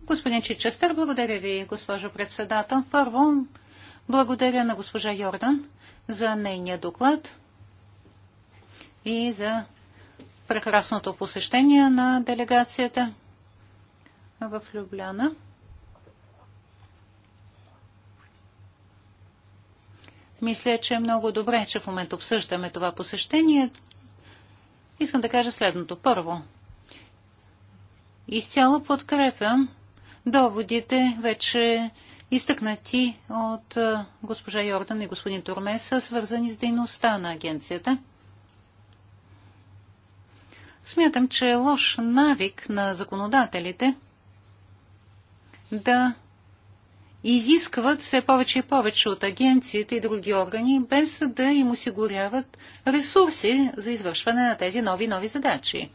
Господин Чичестър, благодаря ви, госпожо председател. Първо, благодаря на госпожа Йордан за нейния доклад и за прекрасното посещение на делегацията в Любляна. Мисля, че е много добре, че в момента обсъждаме това посещение. Искам да кажа следното. Първо, изцяло подкрепям доводите вече изтъкнати от госпожа Йордан и господин Турмеса, свързани с дейността на агенцията. Смятам, че е лош навик на законодателите да изискват все повече и повече от агенциите и други органи, без да им осигуряват ресурси за извършване на тези нови нови задачи.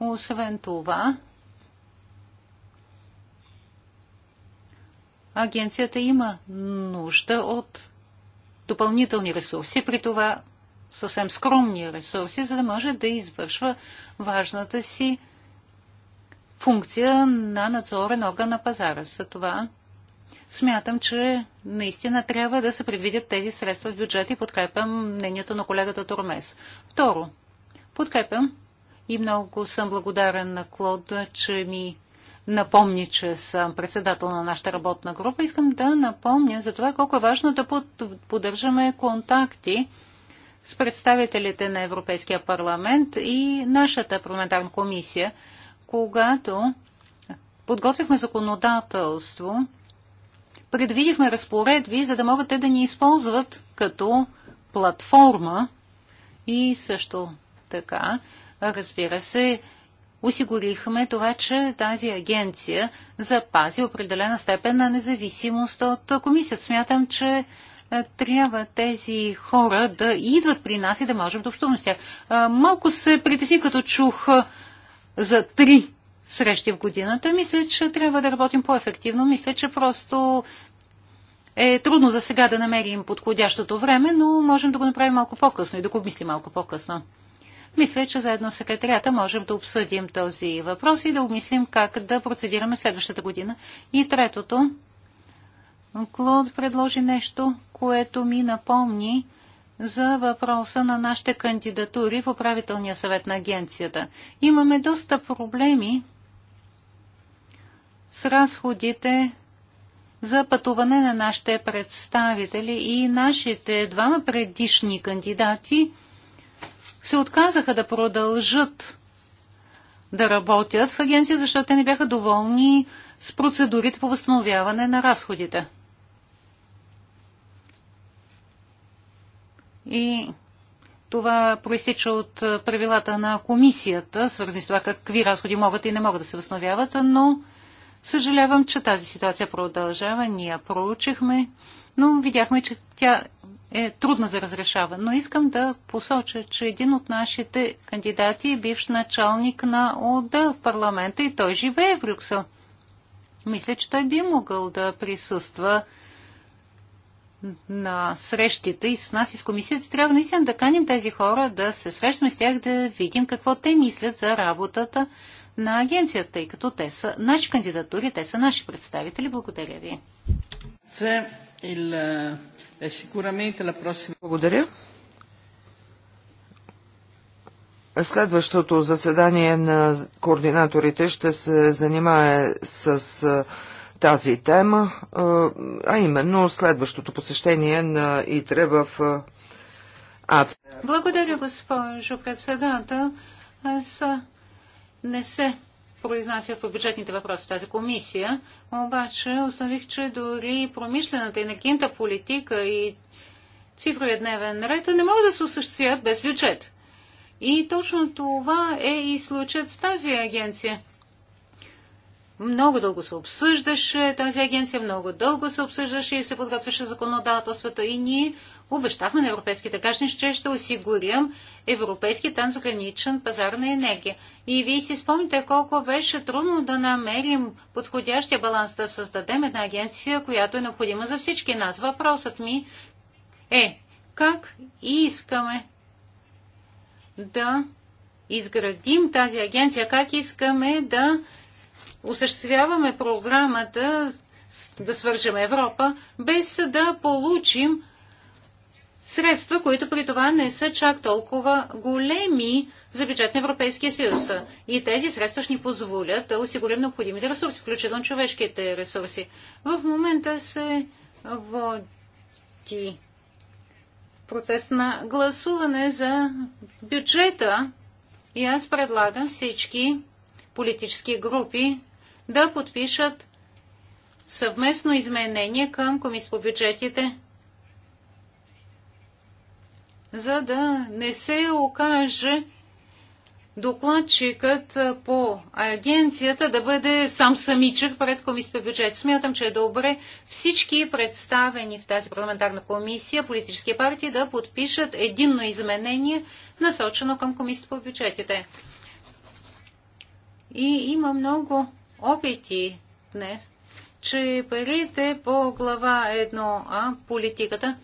Освен това, агенцията има нужда от допълнителни ресурси, при това съвсем скромни ресурси, за да може да извършва важната си функция на надзорен орган на пазара. За това Смятам, че наистина трябва да се предвидят тези средства в бюджет и подкрепям мнението на колегата Тормес. Второ, подкрепям и много съм благодарен на Клод, че ми напомни, че съм председател на нашата работна група. Искам да напомня за това колко е важно да поддържаме контакти с представителите на Европейския парламент и нашата парламентарна комисия, когато подготвихме законодателство предвидихме разпоредби, за да могат те да ни използват като платформа и също така, разбира се, осигурихме това, че тази агенция запази определена степен на независимост от комисията. Смятам, че е, трябва тези хора да идват при нас и да можем да общуваме с тях. Малко се притесни, като чух е, за три срещи в годината. Мисля, че трябва да работим по-ефективно. Мисля, че просто е трудно за сега да намерим подходящото време, но можем да го направим малко по-късно и да го обмислим малко по-късно. Мисля, че заедно с секретарията можем да обсъдим този въпрос и да обмислим как да процедираме следващата година. И третото, Клод предложи нещо, което ми напомни за въпроса на нашите кандидатури в управителния съвет на агенцията. Имаме доста проблеми с разходите за пътуване на нашите представители и нашите двама предишни кандидати се отказаха да продължат да работят в агенция, защото те не бяха доволни с процедурите по възстановяване на разходите. И това проистича от правилата на комисията, свързани с това какви разходи могат и не могат да се възстановяват, но Съжалявам, че тази ситуация продължава. Ние проучихме, но видяхме, че тя е трудна за разрешаване. Но искам да посоча, че един от нашите кандидати е бивш началник на отдел в парламента и той живее в Брюксел. Мисля, че той би могъл да присъства на срещите и с нас и с комисията. Трябва наистина да каним тези хора, да се срещаме с тях, да видим какво те мислят за работата на агенцията, тъй като те са наши кандидатури, те са наши представители. Благодаря ви. Е Благодаря. Следващото заседание на координаторите ще се занимае с е, тази тема, е, а именно следващото посещение на ИТРЕ в АЦ. Благодаря, госпожо председател. Аз не се произнася по бюджетните въпроси в тази комисия, обаче установих, че дори промишлената и накинта политика и цифровия дневен ред не могат да се осъществят без бюджет. И точно това е и случат с тази агенция. Много дълго се обсъждаше тази агенция, много дълго се обсъждаше и се подготвяше законодателството и ние обещахме на европейските граждани, че ще осигурим европейски трансграничен пазар на енергия. И вие си спомните колко беше трудно да намерим подходящия баланс да създадем една агенция, която е необходима за всички нас. Въпросът ми е как искаме да изградим тази агенция, как искаме да осъществяваме програмата да свържем Европа, без да получим средства, които при това не са чак толкова големи за бюджет на Европейския съюз. И тези средства ще ни позволят да осигурим необходимите ресурси, включително човешките ресурси. В момента се води процес на гласуване за бюджета и аз предлагам всички политически групи да подпишат съвместно изменение към Комисия по бюджетите за да не се окаже докладчикът по агенцията да бъде сам самичък пред комисията по бюджет. Смятам, че е добре всички представени в тази парламентарна комисия политически партии да подпишат единно изменение, насочено към комисията по бюджетите. И има много опити днес, че парите по глава 1А политиката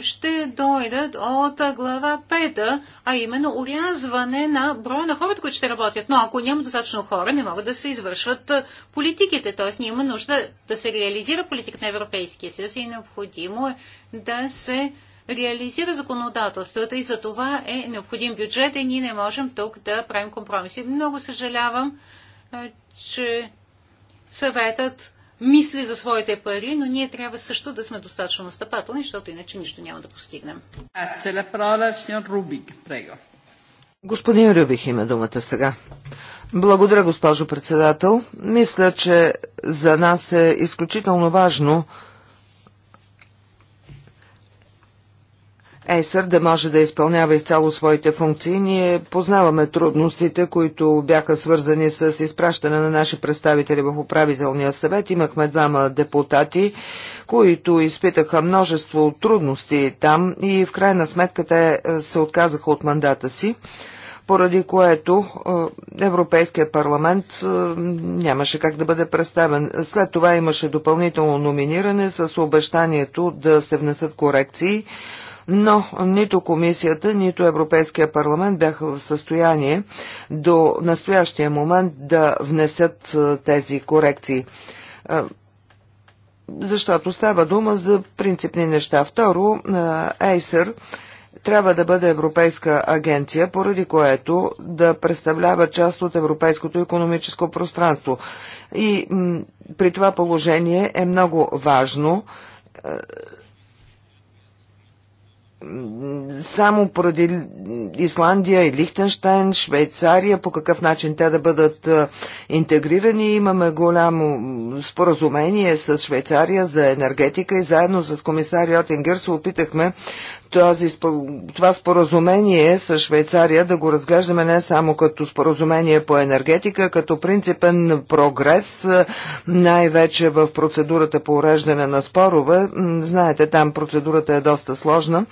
ще дойдат от глава 5, а именно урязване на броя на хората, които ще работят. Но ако няма достатъчно хора, не могат да се извършват политиките. Т.е. ние има нужда да се реализира политиката на Европейския съюз и необходимо е да се реализира законодателството и за това е необходим бюджет и ние не можем тук да правим компромиси. Много съжалявам, че съветът мисли за своите пари, но ние трябва също да сме достатъчно настъпателни, защото иначе нищо няма да постигнем. Господин Рубих има думата сега. Благодаря, госпожо председател. Мисля, че за нас е изключително важно ЕСР да може да изпълнява изцяло своите функции. Ние познаваме трудностите, които бяха свързани с изпращане на наши представители в управителния съвет. Имахме двама депутати, които изпитаха множество трудности там и в крайна сметка те е, се отказаха от мандата си поради което е, Европейския парламент е, нямаше как да бъде представен. След това имаше допълнително номиниране с обещанието да се внесат корекции но нито комисията, нито Европейския парламент бяха в състояние до настоящия момент да внесат тези корекции защото става дума за принципни неща. Второ, Acer трябва да бъде европейска агенция, поради което да представлява част от европейското економическо пространство. И при това положение е много важно само поради Исландия и Лихтенштайн, Швейцария, по какъв начин те да бъдат интегрирани. Имаме голямо споразумение с Швейцария за енергетика и заедно с комисар Йотингер се опитахме този, това споразумение с Швейцария да го разглеждаме не само като споразумение по енергетика, като принципен прогрес, най-вече в процедурата по уреждане на спорове. Знаете, там процедурата е доста сложна.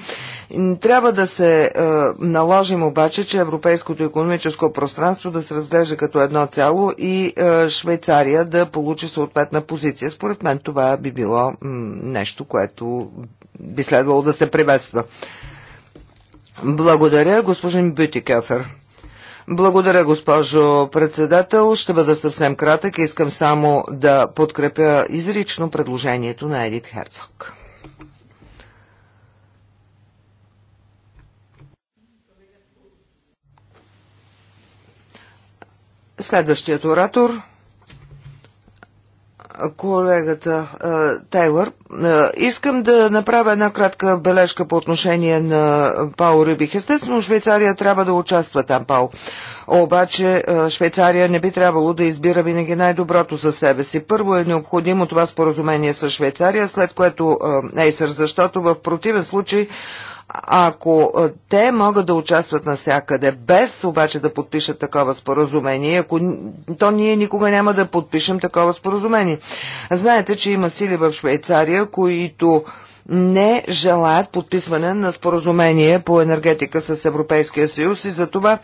Трябва да се е, наложим обаче, че европейското економическо пространство да се разглежда като едно цяло и е, Швейцария да получи съответна позиция. Според мен това би било нещо, което би следвало да се приветства. Благодаря, господин Бютикефер. Благодаря, госпожо председател. Ще бъда съвсем кратък. Искам само да подкрепя изрично предложението на Едит Херцог. Следващият оратор – колегата Тейлър. Искам да направя една кратка бележка по отношение на Пао Рюбих. Естествено, Швейцария трябва да участва там, Пао. Обаче Швейцария не би трябвало да избира винаги най-доброто за себе си. Първо е необходимо това споразумение с Швейцария, след което Ейсър, защото в противен случай ако е, те могат да участват насякъде, без обаче да подпишат такова споразумение, ако, то ние никога няма да подпишем такова споразумение. Знаете, че има сили в Швейцария, които не желаят подписване на споразумение по енергетика с Европейския съюз и за това е,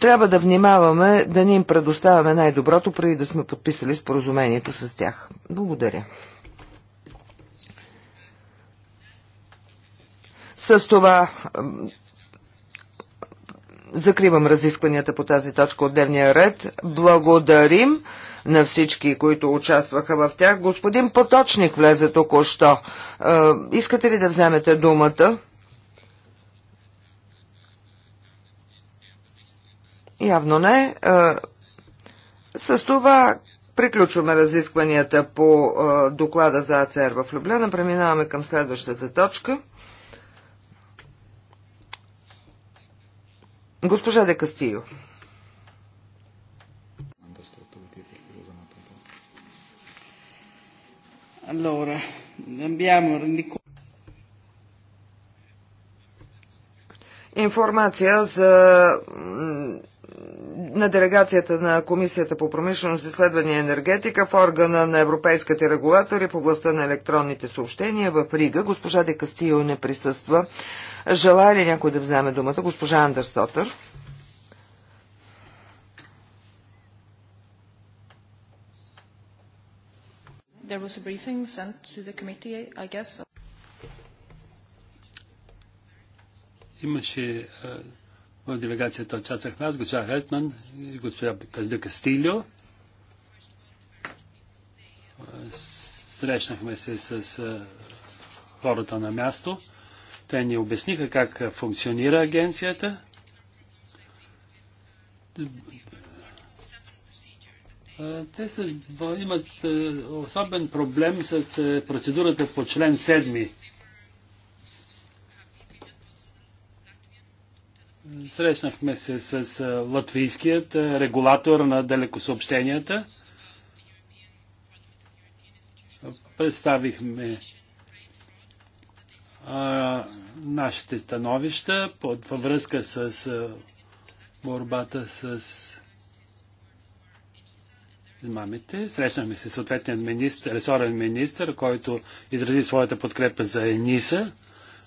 трябва да внимаваме да ни им предоставяме най-доброто преди да сме подписали споразумението с тях. Благодаря. С това закривам разискванията по тази точка от дневния ред. Благодарим на всички, които участваха в тях. Господин Поточник влезе току-що. Е, искате ли да вземете думата? Явно не. Е, с това приключваме разискванията по е, доклада за АЦР в Любляна. Преминаваме към следващата точка. Госпожа Де Кастио. Allora, abbiamo информация за на делегацията на Комисията по промишленост, изследвания и енергетика в органа на европейските регулатори в областта на електронните съобщения в Рига. Госпожа Де Кастио не присъства. Желая ли някой да вземе думата? Госпожа Андерстотър. There was a briefing sent to the committee, I guess. Имаше в делегацията участвахме аз, госпожа Хелтман и госпожа Казда Кастильо. Срещнахме се с хората на място. Те ни обясниха как функционира агенцията. Те са, имат особен проблем с процедурата по член Срещнахме се с латвийският регулатор на далекосъобщенията. Представихме а, нашите становища под, във връзка с а, борбата с измамите. Срещнахме се съответният министр, ресорен министр, който изрази своята подкрепа за ЕНИСА.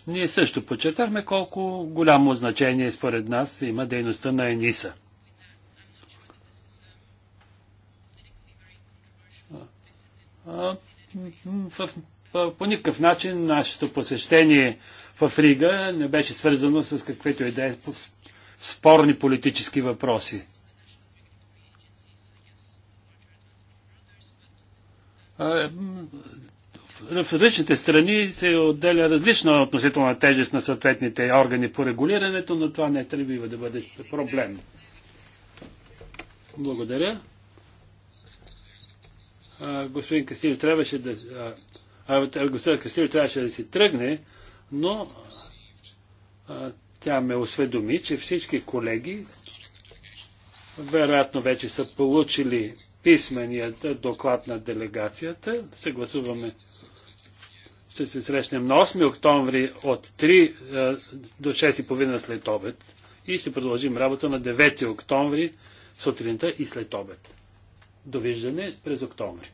Ние също подчертахме колко голямо значение според нас има дейността на ЕНИСА. В, в, в, по никакъв начин нашето посещение в Рига не беше свързано с каквито идеи е спорни политически въпроси. А, в различните страни се отделя различна относителна тежест на съответните органи по регулирането, но това не е трябва да бъде проблем. Благодаря. А, господин Касилев трябваше да. А, а, господин Касилев трябваше да си тръгне, но а, тя ме осведоми, че всички колеги вероятно вече са получили писменият доклад на делегацията. Съгласуваме. гласуваме ще се срещнем на 8 октомври от 3 е, до 6 половина след обед и ще продължим работа на 9 октомври сутринта и след обед. Довиждане през октомври.